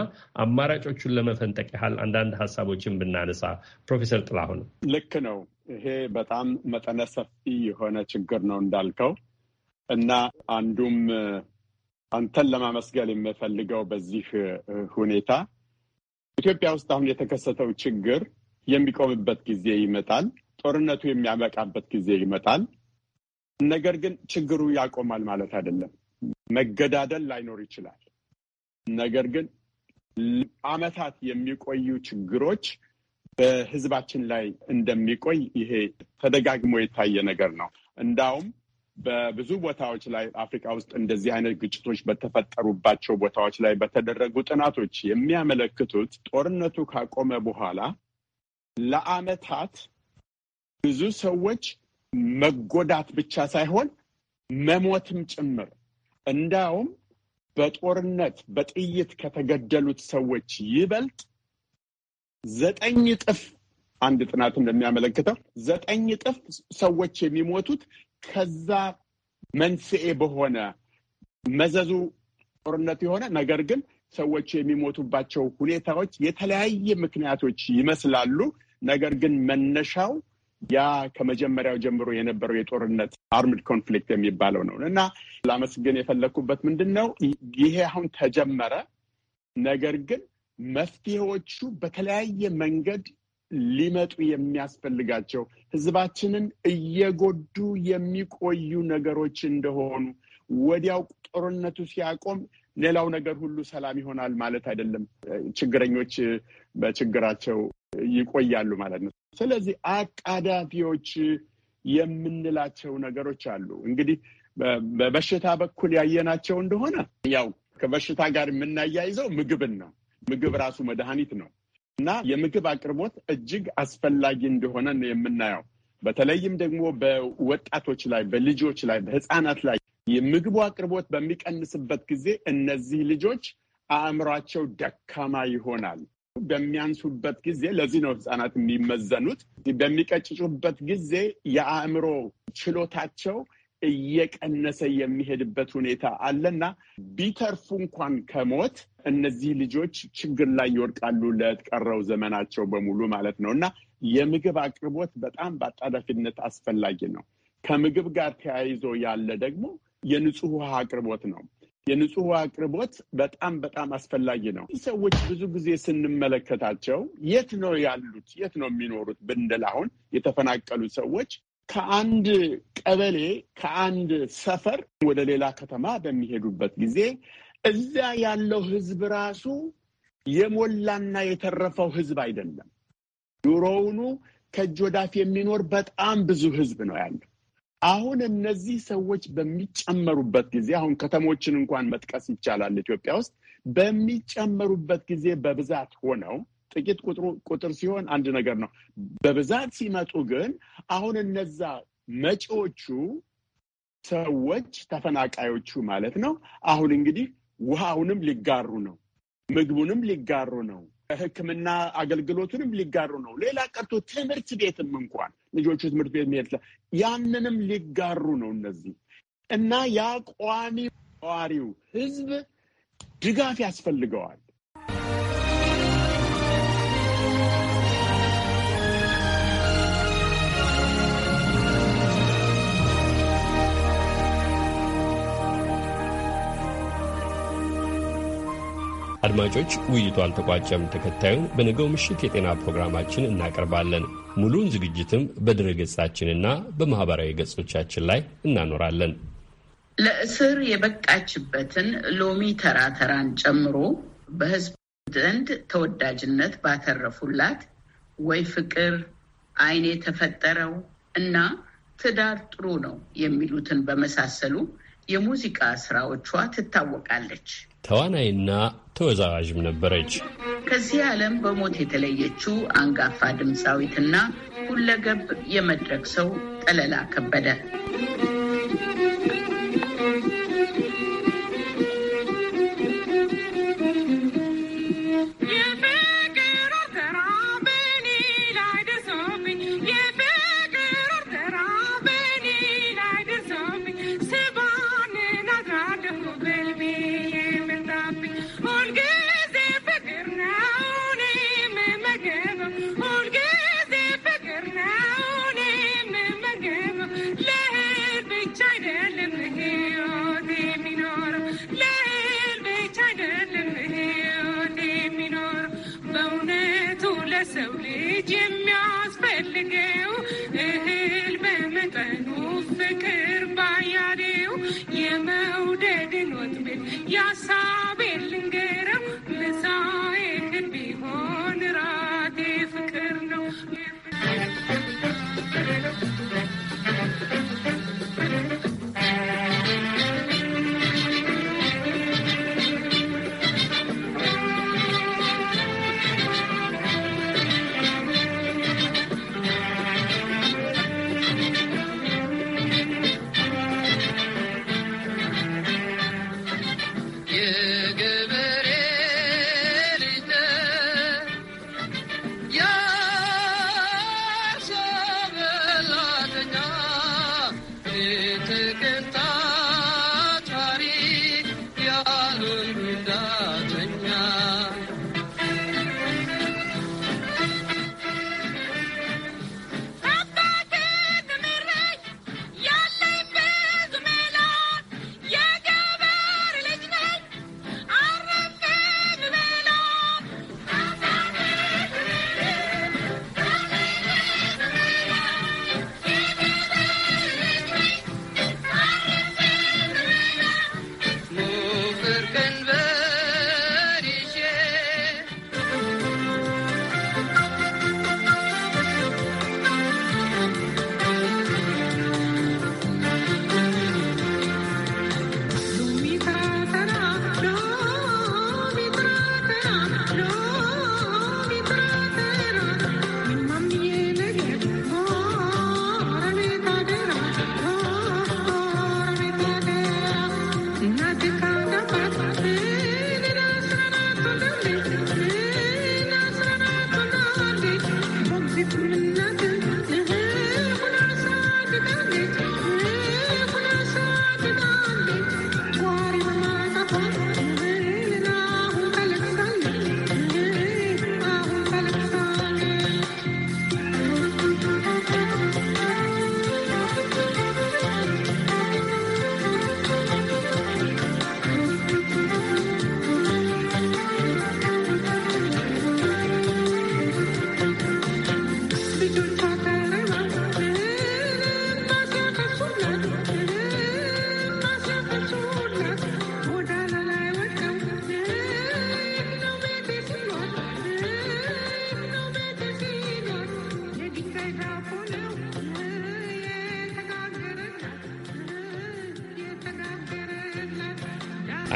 አማራጮቹን ለመፈንጠቅ ያህል አንዳንድ ሀሳቦችን ብናነሳ። ፕሮፌሰር ጥላሁን
ልክ ነው። ይሄ በጣም መጠነ ሰፊ የሆነ ችግር ነው እንዳልከው እና አንዱም አንተን ለማመስገል የምፈልገው በዚህ ሁኔታ ኢትዮጵያ ውስጥ አሁን የተከሰተው ችግር የሚቆምበት ጊዜ ይመጣል። ጦርነቱ የሚያበቃበት ጊዜ ይመጣል። ነገር ግን ችግሩ ያቆማል ማለት አይደለም። መገዳደል ላይኖር ይችላል። ነገር ግን አመታት የሚቆዩ ችግሮች በህዝባችን ላይ እንደሚቆይ ይሄ ተደጋግሞ የታየ ነገር ነው። እንዳውም በብዙ ቦታዎች ላይ አፍሪካ ውስጥ እንደዚህ አይነት ግጭቶች በተፈጠሩባቸው ቦታዎች ላይ በተደረጉ ጥናቶች የሚያመለክቱት ጦርነቱ ካቆመ በኋላ ለአመታት ብዙ ሰዎች መጎዳት ብቻ ሳይሆን መሞትም ጭምር እንዳውም በጦርነት በጥይት ከተገደሉት ሰዎች ይበልጥ ዘጠኝ እጥፍ አንድ ጥናት እንደሚያመለክተው ዘጠኝ እጥፍ ሰዎች የሚሞቱት ከዛ መንስኤ በሆነ መዘዙ ጦርነት የሆነ ነገር ግን ሰዎች የሚሞቱባቸው ሁኔታዎች የተለያየ ምክንያቶች ይመስላሉ። ነገር ግን መነሻው ያ ከመጀመሪያው ጀምሮ የነበረው የጦርነት አርምድ ኮንፍሊክት የሚባለው ነው እና ላመስግን የፈለግኩበት ምንድን ነው ይሄ አሁን ተጀመረ። ነገር ግን መፍትሄዎቹ በተለያየ መንገድ ሊመጡ የሚያስፈልጋቸው ህዝባችንን እየጎዱ የሚቆዩ ነገሮች እንደሆኑ ወዲያው ጦርነቱ ሲያቆም ሌላው ነገር ሁሉ ሰላም ይሆናል ማለት አይደለም። ችግረኞች በችግራቸው ይቆያሉ ማለት ነው። ስለዚህ አቃዳፊዎች የምንላቸው ነገሮች አሉ። እንግዲህ በበሽታ በኩል ያየናቸው እንደሆነ ያው ከበሽታ ጋር የምናያይዘው ምግብን ነው። ምግብ ራሱ መድኃኒት ነው እና የምግብ አቅርቦት እጅግ አስፈላጊ እንደሆነ የምናየው በተለይም ደግሞ በወጣቶች ላይ፣ በልጆች ላይ፣ በህፃናት ላይ የምግቡ አቅርቦት በሚቀንስበት ጊዜ እነዚህ ልጆች አእምሯቸው ደካማ ይሆናል። በሚያንሱበት ጊዜ ለዚህ ነው ህፃናት የሚመዘኑት። በሚቀጭጩበት ጊዜ የአእምሮ ችሎታቸው እየቀነሰ የሚሄድበት ሁኔታ አለና ቢተርፉ እንኳን ከሞት እነዚህ ልጆች ችግር ላይ ይወድቃሉ ለቀረው ዘመናቸው በሙሉ ማለት ነው እና የምግብ አቅርቦት በጣም በአጣዳፊነት አስፈላጊ ነው። ከምግብ ጋር ተያይዞ ያለ ደግሞ የንጹህ ውሃ አቅርቦት ነው። የንጹህ ውሃ አቅርቦት በጣም በጣም አስፈላጊ ነው። ሰዎች ብዙ ጊዜ ስንመለከታቸው የት ነው ያሉት? የት ነው የሚኖሩት? ብንድል አሁን የተፈናቀሉ ሰዎች ከአንድ ቀበሌ ከአንድ ሰፈር ወደ ሌላ ከተማ በሚሄዱበት ጊዜ እዚያ ያለው ህዝብ ራሱ የሞላና የተረፈው ህዝብ አይደለም። ኑሮውኑ ከእጅ ወዳፍ የሚኖር በጣም ብዙ ህዝብ ነው ያለው። አሁን እነዚህ ሰዎች በሚጨመሩበት ጊዜ አሁን ከተሞችን እንኳን መጥቀስ ይቻላል ኢትዮጵያ ውስጥ በሚጨመሩበት ጊዜ በብዛት ሆነው ጥቂት ቁጥር ሲሆን አንድ ነገር ነው። በብዛት ሲመጡ ግን አሁን እነዛ መጪዎቹ ሰዎች ተፈናቃዮቹ ማለት ነው። አሁን እንግዲህ ውሃውንም ሊጋሩ ነው፣ ምግቡንም ሊጋሩ ነው፣ ህክምና አገልግሎቱንም ሊጋሩ ነው። ሌላ ቀርቶ ትምህርት ቤትም እንኳን ልጆቹ ትምህርት ቤት መሄድ ያንንም ሊጋሩ ነው እነዚህ እና ያ ቋሚ ነዋሪው ድጋፍ ያስፈልገዋል።
አድማጮች፣ ውይይቱ አልተቋጨም። ተከታዩን በነገው ምሽት የጤና ፕሮግራማችን እናቀርባለን። ሙሉውን ዝግጅትም በድረ ገጻችንና በማኅበራዊ ገጾቻችን ላይ እናኖራለን።
ለእስር የበቃችበትን ሎሚ ተራ ተራን ጨምሮ በህዝብ ዘንድ ተወዳጅነት ባተረፉላት ወይ ፍቅር፣ አይን የተፈጠረው እና ትዳር ጥሩ ነው የሚሉትን በመሳሰሉ የሙዚቃ ስራዎቿ ትታወቃለች።
ተዋናይና ተወዛዋዥም ነበረች።
ከዚህ ዓለም በሞት የተለየችው አንጋፋ ድምፃዊትና ሁለገብ የመድረክ ሰው ጠለላ ከበደ
ፈልገው እህል በመጠኑ ፍቅር ባያሬው የመውደድን ወጥመድ ያሳ ധന്യ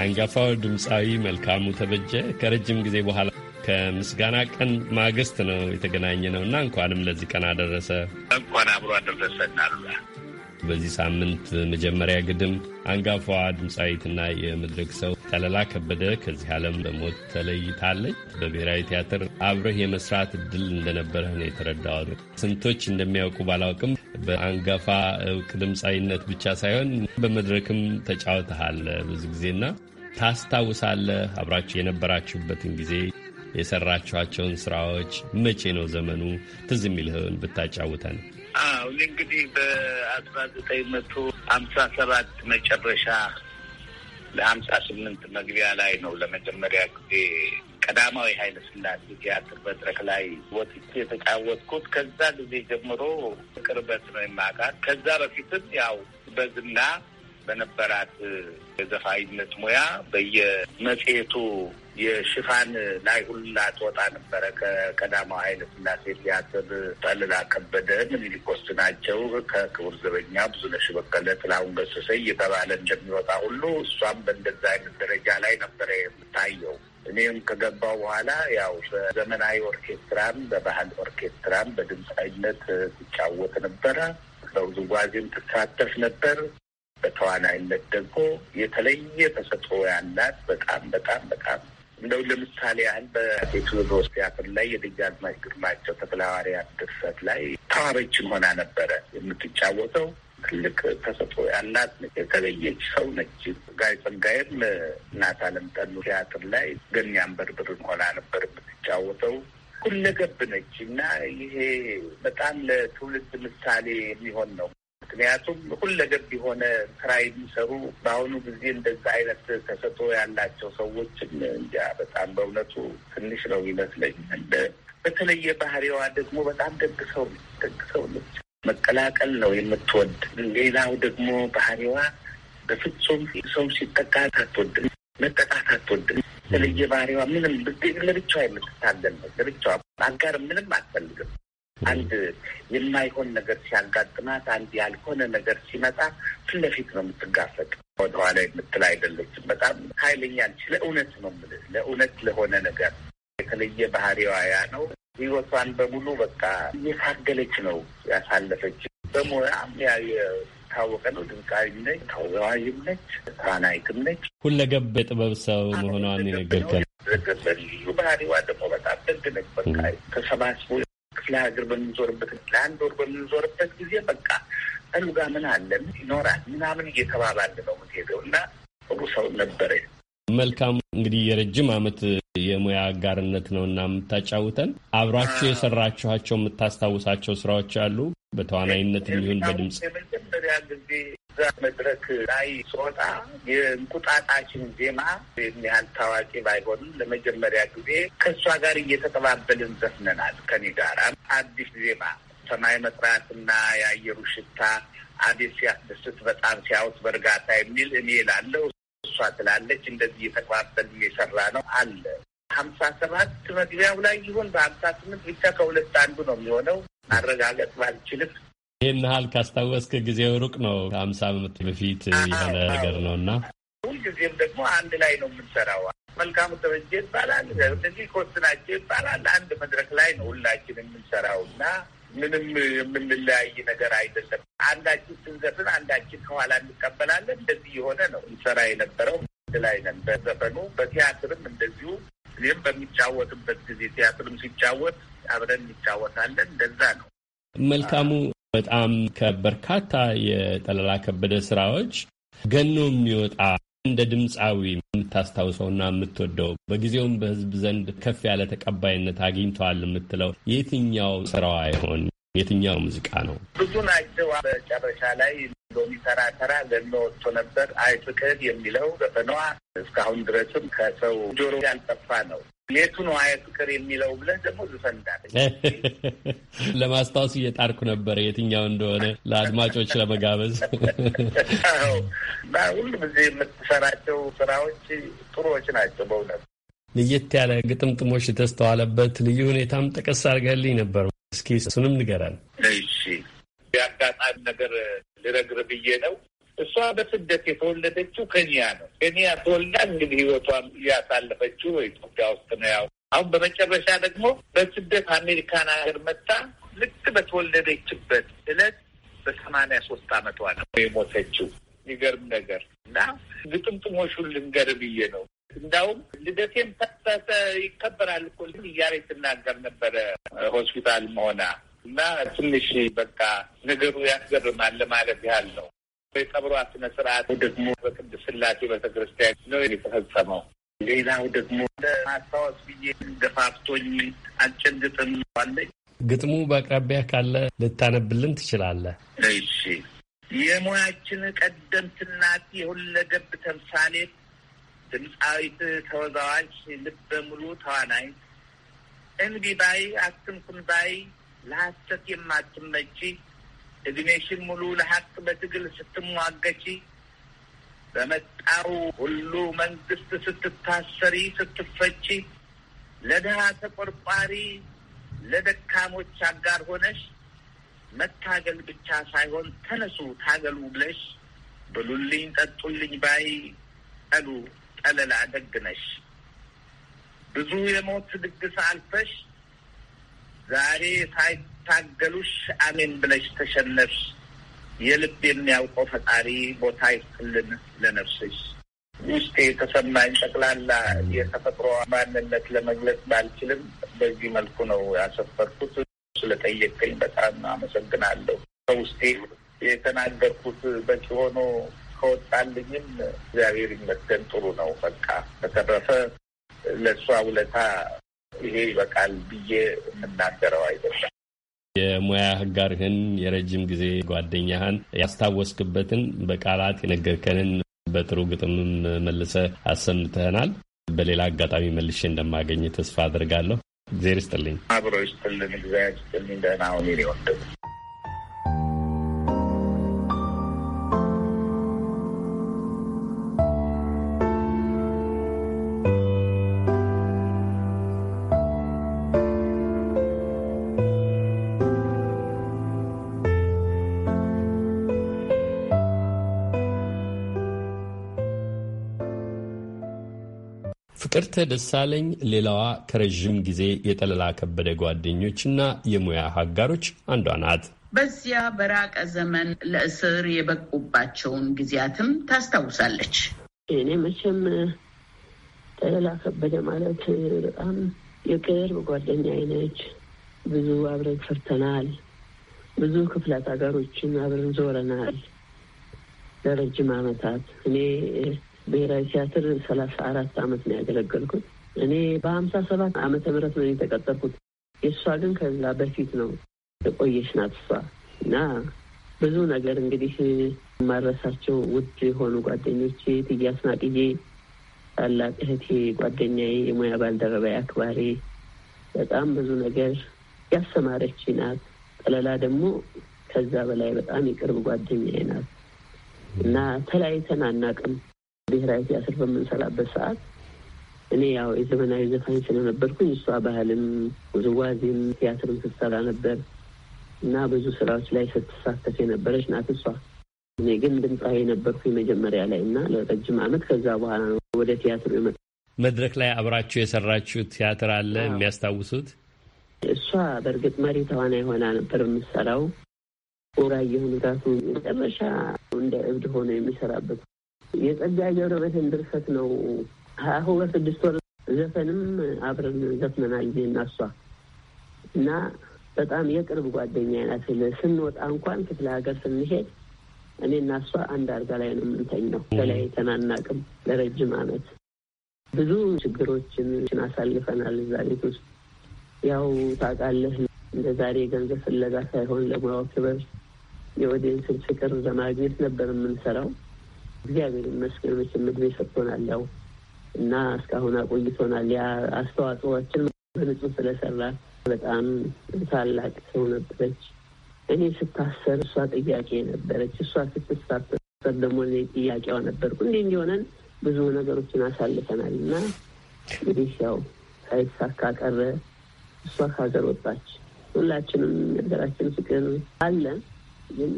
አንጋፋው ድምፃዊ መልካሙ ተበጀ ከረጅም ጊዜ በኋላ ከምስጋና ቀን ማግስት ነው የተገናኘ ነው እና እንኳንም ለዚህ ቀን አደረሰ። እንኳን አብሮ አደረሰናል። በዚህ ሳምንት መጀመሪያ ግድም አንጋፋ ድምፃዊትና የመድረክ ሰው ጠለላ ከበደ ከዚህ ዓለም በሞት ተለይታለች። በብሔራዊ ቲያትር አብረህ የመስራት እድል እንደነበረህ ነው የተረዳሁት። ስንቶች እንደሚያውቁ ባላውቅም በአንጋፋ እውቅ ድምፃዊነት ብቻ ሳይሆን በመድረክም ተጫውተሃል ብዙ ጊዜና ታስታውሳለህ አብራችሁ የነበራችሁበትን ጊዜ የሰራችኋቸውን ስራዎች መቼ ነው ዘመኑ ትዝ የሚልህን ብታጫውተን?
አዎ እንግዲህ በአስራ ዘጠኝ መቶ ሀምሳ ሰባት መጨረሻ ለሀምሳ ስምንት መግቢያ ላይ ነው ለመጀመሪያ ጊዜ ቀዳማዊ ኃይለ ሥላሴ ቲያትር መድረክ ላይ ወጥቼ የተጫወትኩት። ከዛ ጊዜ ጀምሮ ቅርበት ነው የማውቃት። ከዛ በፊትም ያው በዝና በነበራት የዘፋኝነት ሙያ በየመጽሔቱ የሽፋን ላይ ሁላ ትወጣ ነበረ። ከቀዳማዊ ኃይለ ሥላሴ ቲያትር ጠልላ ከበደ፣ ምኒልክ ናቸው፣ ከክቡር ዘበኛ ብዙነሽ በቀለ፣ ጥላሁን ገሰሰ እየተባለ እንደሚወጣ ሁሉ እሷም በእንደዛ አይነት ደረጃ ላይ ነበረ የምታየው። እኔም ከገባው በኋላ ያው በዘመናዊ ኦርኬስትራም በባህል ኦርኬስትራም በድምፃዊነት ትጫወት ነበረ። በውዝዋዜም ትሳተፍ ነበር። በተዋናይነት ደግሞ የተለየ ተሰጥኦ ያላት በጣም በጣም በጣም እንደው ለምሳሌ ያህል በአፄ ቲያትር ላይ የደጃዝማች ግርማቸው ተክለሐዋርያት ድርሰት ላይ ተዋበችን ሆና ነበረ የምትጫወተው። ትልቅ ተሰጥኦ ያላት የተለየች ሰው ነች። ጋይ ጸጋዬም እናት አለም ጠኑ ቲያትር ላይ ገኒ አንበርብርን ሆና ነበር የምትጫወተው። ሁለገብ ነች እና ይሄ በጣም ለትውልድ ምሳሌ የሚሆን ነው። ምክንያቱም ሁለገብ የሆነ ስራ የሚሰሩ በአሁኑ ጊዜ እንደዛ አይነት ተሰጥኦ ያላቸው ሰዎችን እንጃ በጣም በእውነቱ ትንሽ ነው ይመስለኝ። በተለየ ባህሪዋ ደግሞ በጣም ደግ ሰው ደግ ሰው ነች። መቀላቀል ነው የምትወድ። ሌላው ደግሞ ባህሪዋ በፍጹም ሰው ሲጠቃ አትወድም፣ መጠቃት አትወድም። የተለየ ባህሪዋ ምንም ለብቻዋ የምትታገል ነው። ለብቻዋ አጋር ምንም አትፈልግም። አንድ የማይሆን ነገር ሲያጋጥማት፣ አንድ ያልሆነ ነገር ሲመጣ ፊት ለፊት ነው የምትጋፈጥ። ወደኋላ የምትል አይደለችም። በጣም ኃይለኛ ነች። ለእውነት ነው የምልህ፣ ለእውነት ለሆነ ነገር የተለየ ባህሪዋ ያ ነው። ህይወቷን በሙሉ በቃ እየታገለች ነው ያሳለፈች። በሙያም ያ የታወቀ ነው። ድምፃዊም ነች፣ ተዋናይም ነች፣ ተዋናይትም ነች።
ሁለገብ የጥበብ ሰው መሆኗን የነገርከን።
ልዩ ባህሪዋ ደግሞ በጣም ደግ ነች። በቃ ተሰባስቦ ክፍለ ሀገር በምንዞርበት ለአንድ ወር በምንዞርበት ጊዜ በቃ እሉ ምን አለ ምን ይኖራል ምናምን እየተባባል ነው ምትሄደው እና ጥሩ ሰው
ነበረ። መልካም እንግዲህ የረጅም ዓመት የሙያ አጋርነት ነው እና የምታጫውተን አብራችሁ የሰራችኋቸው የምታስታውሳቸው ስራዎች አሉ። በተዋናይነት የሚሆን በድምጽ
የመጀመሪያ ጊዜ እዛ መድረክ ላይ ስወጣ የእንቁጣጣችን ዜማ ያህል ታዋቂ ባይሆንም ለመጀመሪያ ጊዜ ከእሷ ጋር እየተቀባበልን ዘፍነናል። ከኔ ጋር አዲስ ዜማ ሰማይ መጥራትና የአየሩ ሽታ አቤት ሲያስደስት በጣም ሲያውት በእርጋታ የሚል እኔ ላለው እሷ ትላለች። እንደዚህ እየተቀባበልን የሰራ ነው አለ ሀምሳ ሰባት መግቢያው ላይ ይሁን በሀምሳ ስምንት ብቻ ከሁለት አንዱ ነው የሚሆነው ማረጋገጥ ባልችልም
ይህን ያህል ካስታወስክ ጊዜው ሩቅ ነው። ከአምሳ ዓመት በፊት የሆነ ነገር ነው እና
ሁልጊዜም ደግሞ አንድ ላይ ነው የምንሰራው። መልካሙ ተበጀ ይባላል፣ እነዚህ ኮስ ይባላል። አንድ መድረክ ላይ ነው ሁላችን የምንሰራው እና ምንም የምንለያይ ነገር አይደለም። አንዳችን ስንዘፍን አንዳችን ከኋላ እንቀበላለን። እንደዚህ የሆነ ነው እንሰራ የነበረው። አንድ ላይ ነን በዘፈኑ በቲያትርም እንደዚሁ እኔም በሚጫወትበት ጊዜ ቲያትርም ሲጫወት አብረን እንጫወታለን። እንደዛ
ነው መልካሙ በጣም ከበርካታ የጠለላ ከበደ ስራዎች ገኖ የሚወጣ እንደ ድምፃዊ የምታስታውሰውና የምትወደው በጊዜውም በህዝብ ዘንድ ከፍ ያለ ተቀባይነት አግኝተዋል የምትለው የትኛው ስራዋ ይሆን? የትኛው ሙዚቃ ነው? ብዙ ናቸው። መጨረሻ ላይ ሎሚ ተራ ተራ ዘሎ ወጥቶ ነበር። አይ ፍቅድ የሚለው ዘፈኗ እስካሁን ድረስም ከሰው ጆሮ ያልጠፋ
ነው። ሌቱ ነው አይ ፍቅር የሚለው ብለን ደግሞ ዝፈንዳለ።
ለማስታወስ እየጣርኩ ነበር የትኛው እንደሆነ ለአድማጮች ለመጋበዝ።
ሁሉ ጊዜ የምትሰራቸው ስራዎች ጥሩዎች ናቸው በእውነት።
ለየት ያለ ግጥምጥሞች የተስተዋለበት ልዩ ሁኔታም ጠቀስ አድርገልኝ ነበር። እስኪ እሱንም ንገራል።
እሺ የአጋጣሚ ነገር ልነግርህ ብዬ ነው። እሷ በስደት የተወለደችው ኬንያ ነው። ኬንያ ተወልዳ እንግዲህ ህይወቷን ያሳለፈችው ኢትዮጵያ ውስጥ ነው። ያው አሁን በመጨረሻ ደግሞ በስደት አሜሪካን ሀገር መጣ። ልክ በተወለደችበት እለት በሰማንያ ሶስት አመቷ ነው የሞተችው። የሚገርም ነገር እና ግጥምጥሞሹን ልንገር ብዬ ነው እንዳውም ልደቴም ተሰሰ ይከበራል እኮ እያሬ ትናገር ነበረ ሆስፒታል መሆና እና ትንሽ በቃ ነገሩ ያስገርማል ለማለት ያህል ነው። የቀብሯ ስነ ስርዓቱ ደግሞ በቅድስት ስላሴ ቤተክርስቲያን ነው የተፈጸመው። ሌላው
ደግሞ ለማስታወስ ብዬ ገፋፍቶኝ አልጨንግጥም ዋለኝ። ግጥሙ በአቅራቢያ ካለ ልታነብልን ትችላለህ?
እሺ። የሙያችን ቀደምት የሁለገብ ተምሳሌት ድምፃዊት ተወዛዋዥ፣ ልበ ሙሉ ተዋናይት፣ እንቢ ባይ አትንኩን ባይ፣ ለሐሰት የማትመጪ እድሜሽን ሙሉ ለሀቅ በትግል ስትሟገቺ፣ በመጣው ሁሉ መንግስት ስትታሰሪ ስትፈቺ፣ ለድሃ ተቆርቋሪ፣ ለደካሞች አጋር ሆነሽ መታገል ብቻ ሳይሆን ተነሱ ታገሉ ብለሽ ብሉልኝ ጠጡልኝ ባይ አሉ። ጠለላ ደግ ነሽ። ብዙ የሞት ድግስ አልፈሽ ዛሬ ሳይታገሉሽ አሜን ብለሽ ተሸነፍሽ። የልብ የሚያውቀው ፈጣሪ ቦታ ይስጥልን ለነፍስሽ። ውስጤ የተሰማኝ ጠቅላላ የተፈጥሮ ማንነት ለመግለጽ ባልችልም በዚህ መልኩ ነው ያሰፈርኩት። ስለጠየቀኝ በጣም አመሰግናለሁ። ከውስጤ የተናገርኩት በቂ ሆኖ ከወጣልኝም እግዚአብሔር ይመስገን ጥሩ ነው። በቃ በተረፈ ለእሷ ውለታ ይሄ ይበቃል ብዬ የምናገረው አይደለም።
የሙያ ህጋርህን የረጅም ጊዜ ጓደኛህን ያስታወስክበትን በቃላት የነገርከንን በጥሩ ግጥምም መልሰ አሰምተህናል። በሌላ አጋጣሚ መልሼ እንደማገኝ ተስፋ አድርጋለሁ። እግዜር ይስጥልኝ፣
አብሮ ይስጥልን፣ እግዚአብሔር ይስጥልኝ። ደህና ወደ
ፍቅርተ ደሳለኝ ሌላዋ ከረዥም ጊዜ የጠለላ ከበደ ጓደኞችና የሙያ አጋሮች አንዷ ናት።
በዚያ በራቀ ዘመን ለእስር የበቁባቸውን ጊዜያትም ታስታውሳለች። እኔ መቼም ጠለላ ከበደ
ማለት በጣም የቅርብ ጓደኛዬ ነች። ብዙ አብረን ሰርተናል። ብዙ ክፍላት ሀገሮችን አብረን ዞረናል ለረጅም ዓመታት እኔ ብሔራዊ ቲያትር ሰላሳ አራት አመት ነው ያገለገልኩት። እኔ በሀምሳ ሰባት አመተ ምህረት ነው የተቀጠርኩት። የእሷ ግን ከዛ በፊት ነው የቆየች ናት እሷ እና ብዙ ነገር እንግዲህ የማረሳቸው ውድ የሆኑ ጓደኞቼ ትያስ ናቅዬ፣ ታላቅ እህቴ፣ ጓደኛዬ፣ የሙያ ባልደረባዬ፣ አክባሪ በጣም ብዙ ነገር ያሰማረች ናት። ጠለላ ደግሞ ከዛ በላይ በጣም የቅርብ ጓደኛዬ ናት እና ተለያይተን አናቅም። ብሔራዊ ቲያትር በምንሰራበት ሰዓት እኔ ያው የዘመናዊ ዘፋኝ ስለነበርኩኝ እሷ ባህልም ውዝዋዜም ቲያትርም ስትሰራ ነበር እና ብዙ ስራዎች ላይ ስትሳተፍ የነበረች ናት እሷ። እኔ ግን ድምፃዊ የነበርኩኝ መጀመሪያ ላይ እና ለረጅም ዓመት ከዛ በኋላ ነው ወደ ቲያትሩ የመጣ።
መድረክ ላይ አብራችሁ የሰራችሁ ቲያትር አለ የሚያስታውሱት?
እሷ በእርግጥ መሪ ተዋናይ ሆና ነበር የምሰራው። ወራ የሆኑ መጨረሻ እንደ እብድ ሆነ የሚሰራበት የጸጋዬ ገብረቤትን ድርሰት ነው። ሀሁ ስድስት ወር ዘፈንም አብረን ዘፍነናል እና እሷ እና በጣም የቅርብ ጓደኛ ናት። ስንወጣ እንኳን ክፍለ ሀገር ስንሄድ እኔ እና እሷ አንድ አልጋ ላይ ነው የምንተኛው። በላይ ተናናቅም ለረጅም አመት ብዙ ችግሮችን አሳልፈናል እዛ ቤት ውስጥ። ያው ታውቃለህ እንደ ዛሬ ገንዘብ ፍለጋ ሳይሆን ለሙያው ክብር የኦዲየንስን ፍቅር ለማግኘት ነበር የምንሰራው። እግዚአብሔር ይመስገን መቼም ምግብ ሰጥቶናል እና እስካሁን አቆይቶናል። ያ አስተዋጽኦችን በንጹህ ስለሰራ በጣም ታላቅ ሰው ነበረች። እኔ ስታሰር እሷ ጥያቄ ነበረች፣ እሷ ስትታሰር ደግሞ እኔ ጥያቄዋ ነበርኩ። እንዲህ እንዲሆነን ብዙ ነገሮችን አሳልፈናል እና እንግዲህ ያው ሳይሳካ ቀረ። እሷ ከሀገር ወጣች። ሁላችንም ነገራችን ፍቅር አለን ግን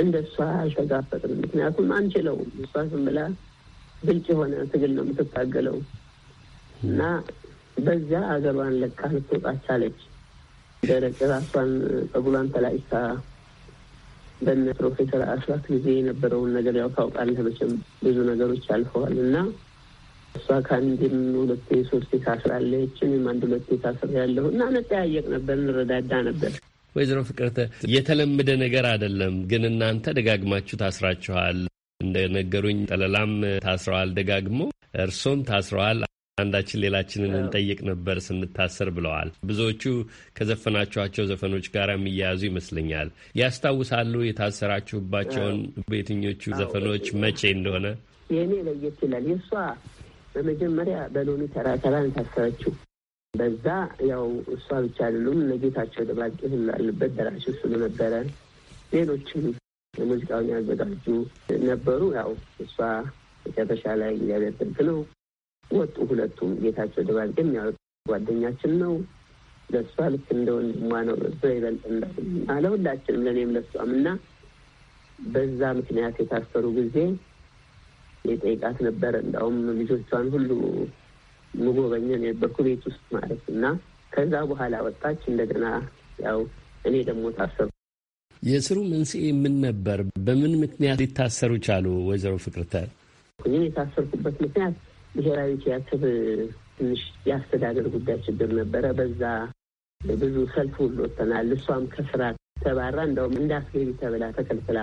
እንደሷ አልተጋፈጥም። አይሸጋፈጥም። ምክንያቱም አንችለውም። እሷ ዝም ብላ ብልጭ የሆነ ትግል ነው የምትታገለው እና በዚያ አገሯን ለቃ ልትወጣ ቻለች። ደረቅ ራሷን ጸጉሯን ተላጭታ በነ ፕሮፌሰር አስራት ጊዜ የነበረውን ነገር ያው ታውቃለህ መቼም ብዙ ነገሮች አልፈዋል እና እሷ ከአንድም ሁለቴ ሶስቴ ታስራለች፣ እኔም አንድ ሁለቴ ያለሁ እና እንጠያየቅ ነበር፣ እንረዳዳ ነበር።
ወይዘሮ ፍቅርተ የተለመደ ነገር አይደለም፣ ግን እናንተ ደጋግማችሁ ታስራችኋል። እንደነገሩኝ ጠለላም ታስረዋል ደጋግሞ እርሶም ታስረዋል። አንዳችን ሌላችንን እንጠይቅ ነበር ስንታሰር ብለዋል። ብዙዎቹ ከዘፈናችኋቸው ዘፈኖች ጋር የሚያያዙ ይመስለኛል። ያስታውሳሉ የታሰራችሁባቸውን በየትኞቹ ዘፈኖች መቼ እንደሆነ?
የእኔ ለየት ይላል። የእሷ በመጀመሪያ በሎሚ ተራ ተራ የታሰረችው። በዛ ያው እሷ ብቻ አይደሉም ለጌታቸው ደባቂ ላለበት ደራሽ እሱ ነበረ። ሌሎችም ሙዚቃውን ያዘጋጁ ነበሩ። ያው እሷ መጨረሻ ላይ እግዚአብሔር ነው ወጡ። ሁለቱም ጌታቸው ደባቂ የሚያወጡ ጓደኛችን ነው። ለእሷ ልክ እንደ ወንድሟ ነው። እዛ ይበልጥ እንዳ ለሁላችንም ለእኔም ለሷም እና በዛ ምክንያት የታሰሩ ጊዜ የጠይቃት ነበረ። እንዳውም ልጆቿን ሁሉ ምጎበኘ የነበርኩ ቤት ውስጥ ማለት እና ከዛ በኋላ ወጣች። እንደገና ያው እኔ ደግሞ ታሰሩ።
የስሩ መንስኤ ምን ነበር? በምን ምክንያት ሊታሰሩ ቻሉ? ወይዘሮ ፍቅርተ
እኔም የታሰርኩበት ምክንያት ብሔራዊ ቲያትር ትንሽ የአስተዳደር ጉዳይ ችግር ነበረ። በዛ ብዙ ሰልፍ ሁሉ ወጥተናል። እሷም ከስራ ተባራ፣ እንደውም እንዳትገቢ ተብላ ተከልክላ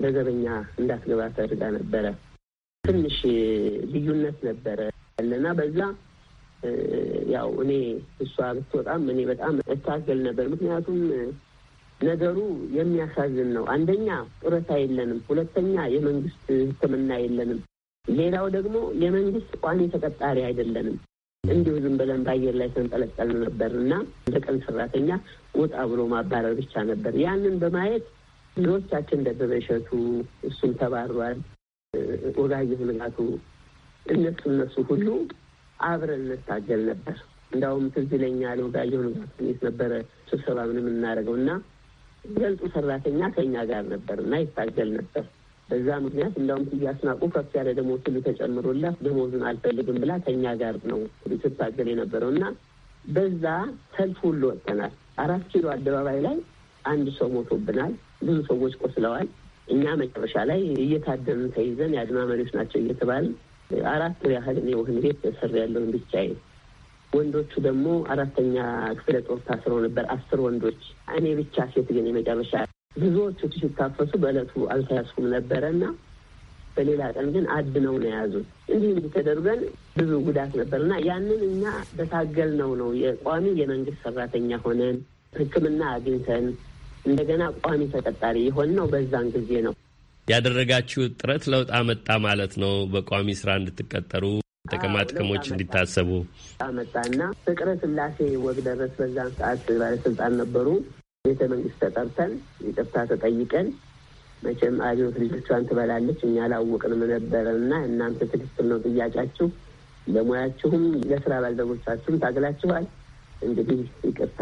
በዘበኛ እንዳትገባ ተደርጋ ነበረ። ትንሽ ልዩነት ነበረ ያለና በዛ ያው እኔ እሷ ብትወጣም እኔ በጣም እታገል ነበር። ምክንያቱም ነገሩ የሚያሳዝን ነው። አንደኛ ጡረታ የለንም፣ ሁለተኛ የመንግስት ሕክምና የለንም፣ ሌላው ደግሞ የመንግስት ቋሚ ተቀጣሪ አይደለንም። እንዲሁ ዝም ብለን በአየር ላይ ተንጠለጠል ነበር እና እንደ ቀን ሰራተኛ ወጣ ብሎ ማባረር ብቻ ነበር። ያንን በማየት ብዙዎቻችን ደበበ እሸቱ እሱም ተባሯል፣ ወጋየሁ ንጋቱ ልክ እነሱ ሁሉ አብረን እንታገል ነበር። እንዳውም ትዝ ይለኛል ወጋየሁ ንጋቱ ነበረ ስብሰባ ምንም እናደርገው እና ገልጡ ሰራተኛ ከእኛ ጋር ነበር እና ይታገል ነበር። በዛ ምክንያት እንዳውም እያስናቁ ከፍ ያለ ደሞዝ ሁሉ ተጨምሮላት ደሞዝን አልፈልግም ብላ ከእኛ ጋር ነው ስታገል የነበረው እና በዛ ሰልፍ ሁሉ ወጥተናል። አራት ኪሎ አደባባይ ላይ አንድ ሰው ሞቶብናል። ብዙ ሰዎች ቆስለዋል። እኛ መጨረሻ ላይ እየታደምን ተይዘን የአድማ መሪዎች ናቸው እየተባልን አራት ያህል እኔ ወህኒ ቤት ስር ያለውን ብቻዬ። ወንዶቹ ደግሞ አራተኛ ክፍለ ጦር ታስረው ነበር፣ አስር ወንዶች፣ እኔ ብቻ ሴት ግን የመጨረሻ ብዙዎቹ ሲታፈሱ በእለቱ አልተያዝኩም ነበረ እና በሌላ ቀን ግን አድነው ነው የያዙት። እንዲህ እንዲህ ተደርገን ብዙ ጉዳት ነበር እና ያንን እኛ በታገል ነው ነው የቋሚ የመንግስት ሰራተኛ ሆነን ሕክምና አግኝተን እንደገና ቋሚ ተቀጣሪ የሆን ነው በዛን ጊዜ ነው።
ያደረጋችሁት ጥረት ለውጥ አመጣ ማለት ነው። በቋሚ ስራ እንድትቀጠሩ ጥቅማ ጥቅሞች እንዲታሰቡ
አመጣና ፍቅረ ስላሴ ወግደረስ በዛን ሰዓት ባለስልጣን ነበሩ። ቤተ መንግስት ተጠርተን ይቅርታ ተጠይቀን መቼም አብዮት ልጆቿን ትበላለች እኛ አላወቅንም ነበረ እና እናንተ ትክክል ነው ጥያቄያችሁ፣ ለሙያችሁም ለስራ ባልደረቦቻችሁም ታግላችኋል። እንግዲህ ይቅርታ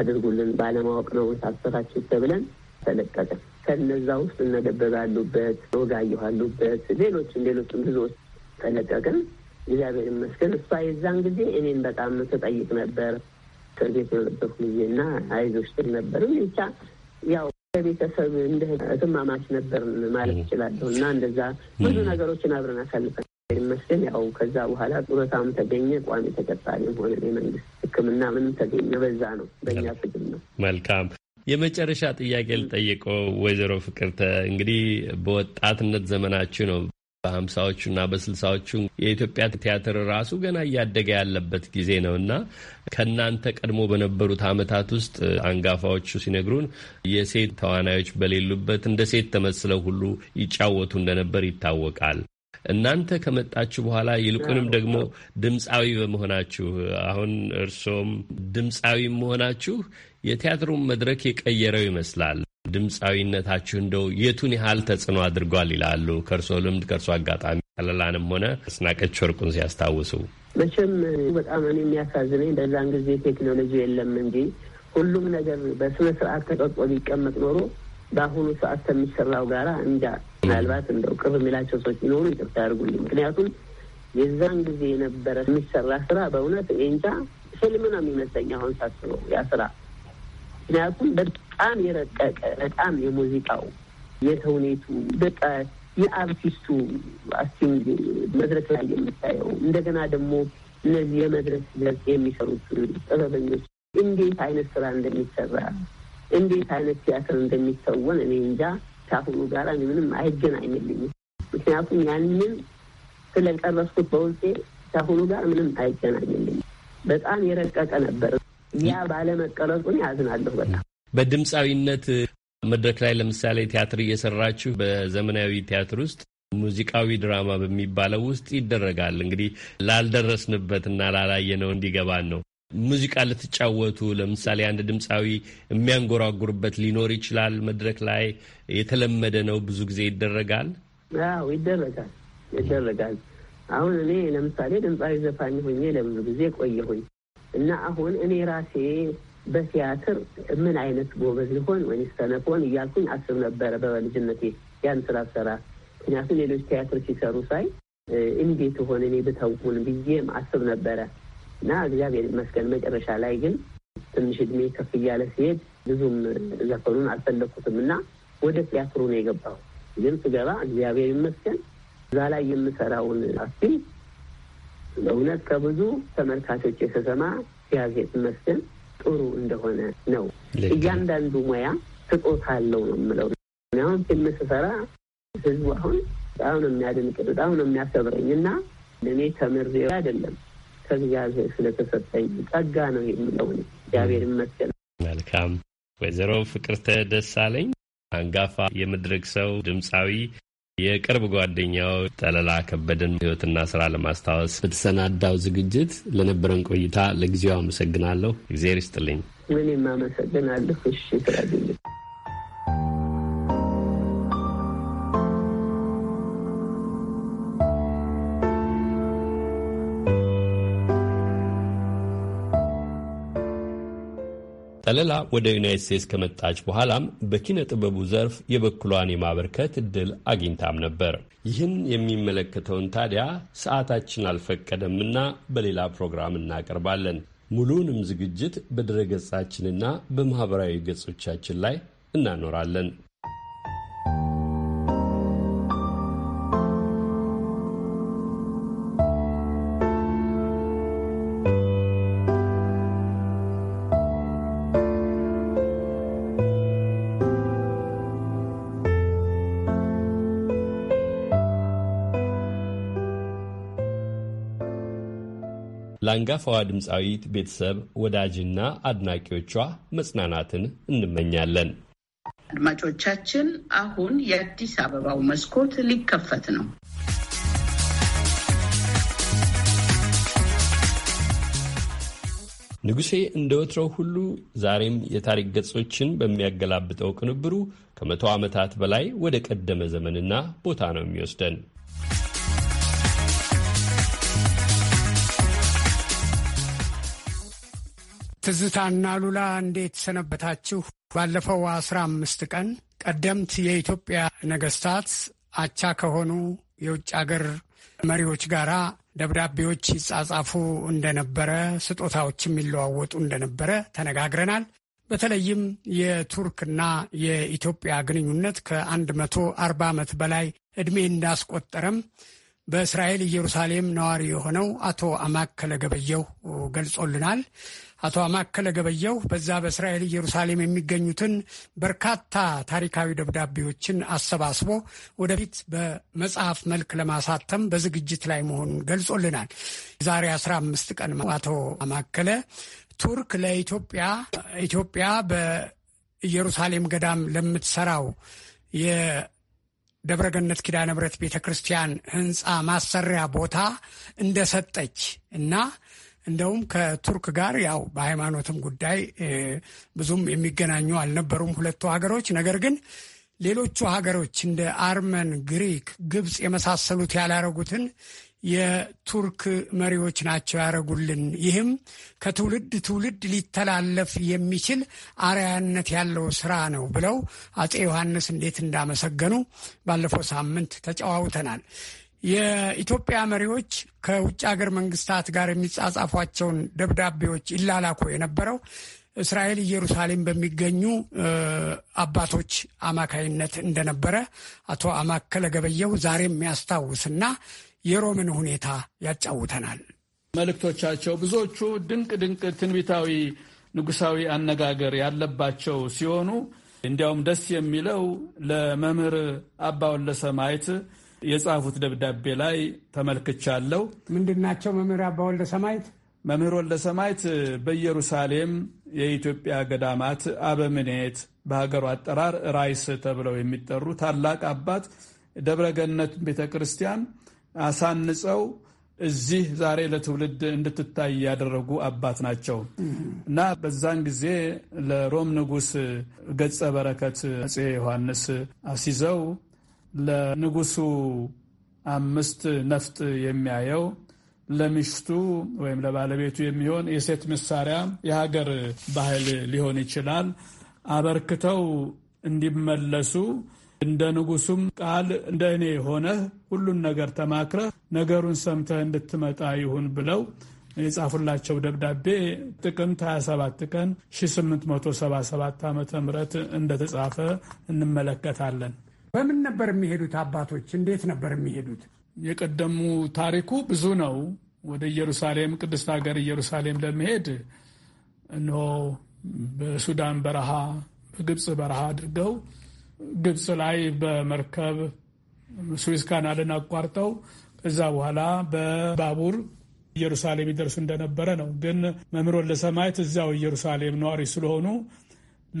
አድርጉልን፣ ባለማወቅ ነው ታሰራችሁ ተብለን ተለቀቀን። ከነዛ ውስጥ እነደበበ ያሉበት ወጋየሁ አሉበት፣ ሌሎችም ሌሎችም ብዙዎች ተለቀቅን። እግዚአብሔር ይመስገን። እሷ የዛን ጊዜ እኔን በጣም ተጠይቅ ነበር እስር ቤት የወለበት ጊዜ እና አይዞሽ ትል ነበር። ብቻ ያው ከቤተሰብ እንደ ትማማች ነበር ማለት እችላለሁ። እና እንደዛ ብዙ ነገሮችን አብረን አሳልፈን ይመስገን። ያው ከዛ በኋላ ጡረታም ተገኘ፣ ቋሚ ተቀጣሪም ሆነ የመንግስት ሕክምና ምንም ተገኘ። በዛ ነው በእኛ ትግል
ነው። መልካም የመጨረሻ ጥያቄ ልጠይቀው። ወይዘሮ ፍቅርተ እንግዲህ በወጣትነት ዘመናችሁ ነው በሀምሳዎቹ እና በስልሳዎቹ የኢትዮጵያ ቲያትር ራሱ ገና እያደገ ያለበት ጊዜ ነው እና ከእናንተ ቀድሞ በነበሩት ዓመታት ውስጥ አንጋፋዎቹ ሲነግሩን የሴት ተዋናዮች በሌሉበት እንደ ሴት ተመስለው ሁሉ ይጫወቱ እንደነበር ይታወቃል። እናንተ ከመጣችሁ በኋላ ይልቁንም ደግሞ ድምፃዊ በመሆናችሁ አሁን እርሶም ድምፃዊ መሆናችሁ የቲያትሩን መድረክ የቀየረው ይመስላል። ድምፃዊነታችሁ እንደው የቱን ያህል ተጽዕኖ አድርጓል ይላሉ ከእርሶ ልምድ ከእርሶ አጋጣሚ ቀለላንም ሆነ አስናቀች ወርቁን ሲያስታውሱ?
መቼም በጣም እኔ የሚያሳዝነኝ በዛን ጊዜ ቴክኖሎጂ የለም እንጂ ሁሉም ነገር በስነ ስርዓት ተቀርጾ ቢቀመጥ ኖሮ በአሁኑ ሰዓት ከሚሰራው ጋር እንዳ ምናልባት እንደው ቅር የሚላቸው ሰዎች ቢኖሩ ይቅርታ ያድርጉልኝ። ምክንያቱም የዛን ጊዜ የነበረ የሚሰራ ስራ በእውነት እንጃ፣ ፊልም ነው የሚመስለኝ አሁን ሳስበው ያ ስራ ምክንያቱም በጣም የረቀቀ በጣም የሙዚቃው የተውኔቱ በቃ የአርቲስቱ አስቲንግ መድረክ ላይ የምታየው እንደገና ደግሞ እነዚህ የመድረክ ገጽ የሚሰሩት ጥበበኞች እንዴት አይነት ስራ እንደሚሰራ እንዴት አይነት ቲያትር እንደሚሰወን እኔ እንጃ ከአሁኑ ጋር ምንም አይገናኝልኝም። ምክንያቱም ያንን ስለቀረስኩት በውጤ ከአሁኑ ጋር ምንም አይገናኝልኝም። በጣም የረቀቀ ነበር። ያ ባለመቀረጹን ያዝናለሁ በጣም
በድምፃዊነት መድረክ ላይ ለምሳሌ ቲያትር እየሰራችሁ በዘመናዊ ቲያትር ውስጥ ሙዚቃዊ ድራማ በሚባለው ውስጥ ይደረጋል። እንግዲህ ላልደረስንበትና ላላየነው እንዲገባን ነው። ሙዚቃ ልትጫወቱ ለምሳሌ አንድ ድምፃዊ የሚያንጎራጉርበት ሊኖር ይችላል። መድረክ ላይ የተለመደ ነው፣ ብዙ ጊዜ ይደረጋል።
አዎ ይደረጋል ይደረጋል። አሁን እኔ ለምሳሌ ድምፃዊ ዘፋኝ ሆኜ ለብዙ ጊዜ ቆየሁኝ። እና አሁን እኔ ራሴ በቲያትር ምን አይነት ጎበዝ ሊሆን ወይ ስተነፎን እያልኩኝ አስብ ነበረ በልጅነቴ ያን ስራ ሰራ። ምክንያቱም ሌሎች ቲያትር ሲሰሩ ሳይ እንዴት ሆን እኔ ብተውን ብዬም አስብ ነበረ እና እግዚአብሔር ይመስገን መጨረሻ ላይ ግን ትንሽ እድሜ ከፍ እያለ ሲሄድ ብዙም ዘፈኑን አልፈለኩትም እና ወደ ቲያትሩ ነው የገባሁ። ግን ስገባ እግዚአብሔር ይመስገን እዛ ላይ የምሰራውን አስቲል በእውነት ከብዙ ተመልካቾች የተሰማ እግዚአብሔር ይመስገን ጥሩ እንደሆነ ነው። እያንዳንዱ ሙያ ስጦታ አለው ነው የምለው። አሁን ፊልም ስሰራ ህዝቡ አሁን በጣም ነው የሚያደንቅ፣ በጣም ነው የሚያከብረኝ እና እኔ ተምሬ አይደለም ከእግዚአብሔር ስለተሰጠኝ ጸጋ ነው የምለው። እግዚአብሔር ይመስገን።
መልካም ወይዘሮ ፍቅርተ ደሳለኝ አንጋፋ የመድረክ ሰው ድምፃዊ የቅርብ ጓደኛው ጠለላ ከበደን ህይወትና ስራ ለማስታወስ በተሰናዳው ዝግጅት ለነበረን ቆይታ ለጊዜው አመሰግናለሁ። እግዜር ይስጥልኝ።
እኔም አመሰግናለሁ። እሺ
ጠለላ ወደ ዩናይት ስቴትስ ከመጣች በኋላም በኪነ ጥበቡ ዘርፍ የበኩሏን የማበርከት እድል አግኝታም ነበር። ይህን የሚመለከተውን ታዲያ ሰዓታችን አልፈቀደምና በሌላ ፕሮግራም እናቀርባለን። ሙሉውንም ዝግጅት በድረ በማኅበራዊ ገጾቻችን ላይ እናኖራለን። ለአንጋፋዋ ድምፃዊት ቤተሰብ፣ ወዳጅና አድናቂዎቿ መጽናናትን እንመኛለን።
አድማጮቻችን፣ አሁን የአዲስ አበባው መስኮት ሊከፈት ነው።
ንጉሴ እንደ ወትረው ሁሉ ዛሬም የታሪክ ገጾችን በሚያገላብጠው ቅንብሩ ከመቶ ዓመታት በላይ ወደ ቀደመ ዘመንና ቦታ ነው የሚወስደን።
ትዝታና ሉላ እንዴት ሰነበታችሁ? ባለፈው አስራ አምስት ቀን ቀደምት የኢትዮጵያ ነገስታት አቻ ከሆኑ የውጭ አገር መሪዎች ጋራ ደብዳቤዎች ይጻጻፉ እንደነበረ፣ ስጦታዎችም ይለዋወጡ እንደነበረ ተነጋግረናል። በተለይም የቱርክና የኢትዮጵያ ግንኙነት ከአንድ መቶ አርባ ዓመት በላይ ዕድሜ እንዳስቆጠረም በእስራኤል ኢየሩሳሌም ነዋሪ የሆነው አቶ አማከለ ገበየው ገልጾልናል። አቶ አማከለ ገበየው በዛ በእስራኤል ኢየሩሳሌም የሚገኙትን በርካታ ታሪካዊ ደብዳቤዎችን አሰባስቦ ወደፊት በመጽሐፍ መልክ ለማሳተም በዝግጅት ላይ መሆኑን ገልጾልናል። የዛሬ 15 ቀን አቶ አማከለ ቱርክ ለኢትዮጵያ ኢትዮጵያ በኢየሩሳሌም ገዳም ለምትሰራው ደብረገነት ኪዳነ ምሕረት ቤተ ክርስቲያን ህንፃ ማሰሪያ ቦታ እንደሰጠች እና እንደውም ከቱርክ ጋር ያው በሃይማኖትም ጉዳይ ብዙም የሚገናኙ አልነበሩም ሁለቱ ሀገሮች። ነገር ግን ሌሎቹ ሀገሮች እንደ አርመን፣ ግሪክ፣ ግብፅ የመሳሰሉት ያላረጉትን የቱርክ መሪዎች ናቸው ያደረጉልን። ይህም ከትውልድ ትውልድ ሊተላለፍ የሚችል አርያነት ያለው ስራ ነው ብለው አፄ ዮሐንስ እንዴት እንዳመሰገኑ ባለፈው ሳምንት ተጨዋውተናል። የኢትዮጵያ መሪዎች ከውጭ ሀገር መንግስታት ጋር የሚጻጻፏቸውን ደብዳቤዎች ይላላኩ የነበረው እስራኤል ኢየሩሳሌም በሚገኙ አባቶች አማካይነት እንደነበረ አቶ አማከለ ገበየው ዛሬም የሚያስታውስና የሮምን ሁኔታ ያጫውተናል። መልእክቶቻቸው ብዙዎቹ
ድንቅ ድንቅ ትንቢታዊ ንጉሳዊ አነጋገር ያለባቸው ሲሆኑ እንዲያውም ደስ የሚለው ለመምህር አባ ወልደ የጻፉት ደብዳቤ ላይ ተመልክቻለሁ። ምንድን ናቸው መምህር አባ ወልደ መምህር ወልደ በኢየሩሳሌም የኢትዮጵያ ገዳማት አበምኔት፣ በሀገሩ አጠራር ራይስ ተብለው የሚጠሩ ታላቅ አባት ደብረገነት ቤተክርስቲያን ቤተ ክርስቲያን አሳንጸው እዚህ ዛሬ ለትውልድ እንድትታይ ያደረጉ አባት ናቸው እና በዛን ጊዜ ለሮም ንጉሥ ገጸ በረከት አፄ ዮሐንስ አስይዘው ለንጉሱ አምስት ነፍጥ የሚያየው ለሚሽቱ ወይም ለባለቤቱ የሚሆን የሴት መሳሪያ የሀገር ባህል ሊሆን ይችላል አበርክተው እንዲመለሱ እንደ ንጉሱም ቃል እንደ እኔ የሆነህ ሁሉን ነገር ተማክረህ ነገሩን ሰምተህ እንድትመጣ ይሁን ብለው የጻፉላቸው ደብዳቤ ጥቅምት 27 ቀን 1877 ዓ ም እንደተጻፈ እንመለከታለን። በምን ነበር የሚሄዱት? አባቶች እንዴት ነበር የሚሄዱት? የቀደሙ ታሪኩ ብዙ ነው። ወደ ኢየሩሳሌም ቅድስት ሀገር ኢየሩሳሌም ለመሄድ እነሆ በሱዳን በረሃ፣ በግብፅ በረሃ አድርገው ግብፅ ላይ በመርከብ ስዊዝ ካናልን አቋርጠው ከዛ በኋላ በባቡር ኢየሩሳሌም ይደርሱ እንደነበረ ነው። ግን መምህር ወልደ እዚያው ኢየሩሳሌም ነዋሪ ስለሆኑ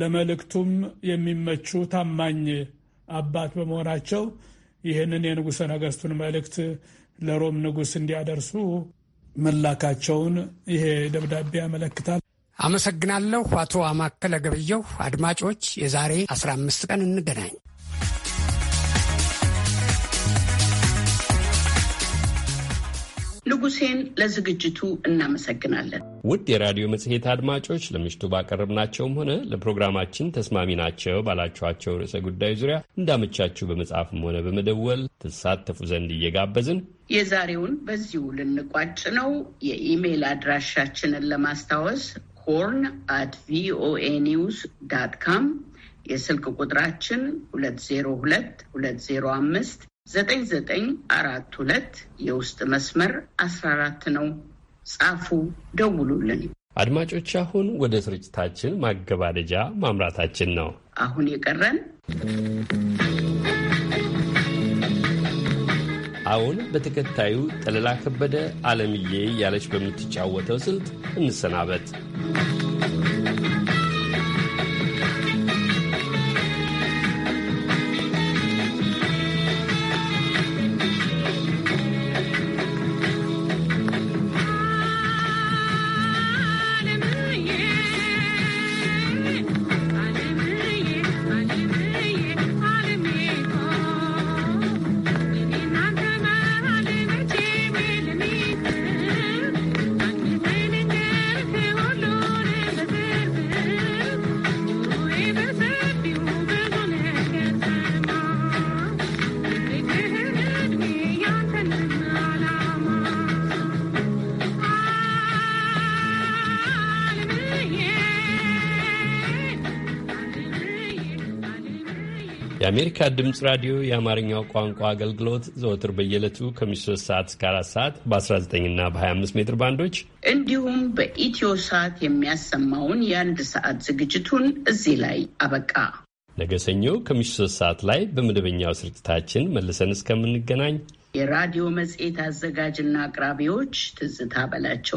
ለመልእክቱም የሚመቹ ታማኝ አባት በመሆናቸው ይህንን የንጉሠ ነገሥቱን መልእክት ለሮም ንጉሥ እንዲያደርሱ መላካቸውን ይሄ
ደብዳቤ ያመለክታል። አመሰግናለሁ አቶ አማከለ ገበየሁ። አድማጮች የዛሬ 15 ቀን እንገናኝ።
ንጉሴን ለዝግጅቱ እናመሰግናለን።
ውድ የራዲዮ መጽሔት አድማጮች ለምሽቱ ባቀረብናቸውም ሆነ ለፕሮግራማችን ተስማሚ ናቸው ባላችኋቸው ርዕሰ ጉዳይ ዙሪያ እንዳመቻችሁ በመጻፍም ሆነ በመደወል ትሳተፉ ዘንድ እየጋበዝን
የዛሬውን በዚሁ ልንቋጭ ነው። የኢሜይል አድራሻችንን ለማስታወስ ሆርን አት ቪኦኤ ኒውስ ዳት ካም የስልክ ቁጥራችን 202 የውስጥ መስመር 14 ነው። ጻፉ፣
ደውሉልን። አድማጮች አሁን ወደ ስርጭታችን ማገባደጃ ማምራታችን ነው። አሁን የቀረን አሁን በተከታዩ ጠለላ ከበደ አለምዬ እያለች በምትጫወተው ስልት እንሰናበት። የአሜሪካ ድምፅ ራዲዮ የአማርኛው ቋንቋ አገልግሎት ዘወትር በየዕለቱ ከምሽቱ 3 ሰዓት እስከ 4 ሰዓት በ19ና በ25 ሜትር ባንዶች እንዲሁም
በኢትዮ ሰዓት የሚያሰማውን የአንድ ሰዓት ዝግጅቱን እዚህ ላይ አበቃ።
ነገ ሰኞ ከምሽቱ 3 ሰዓት ላይ በመደበኛው ስርጭታችን መልሰን እስከምንገናኝ
የራዲዮ መጽሔት አዘጋጅና አቅራቢዎች ትዝታ በላቸው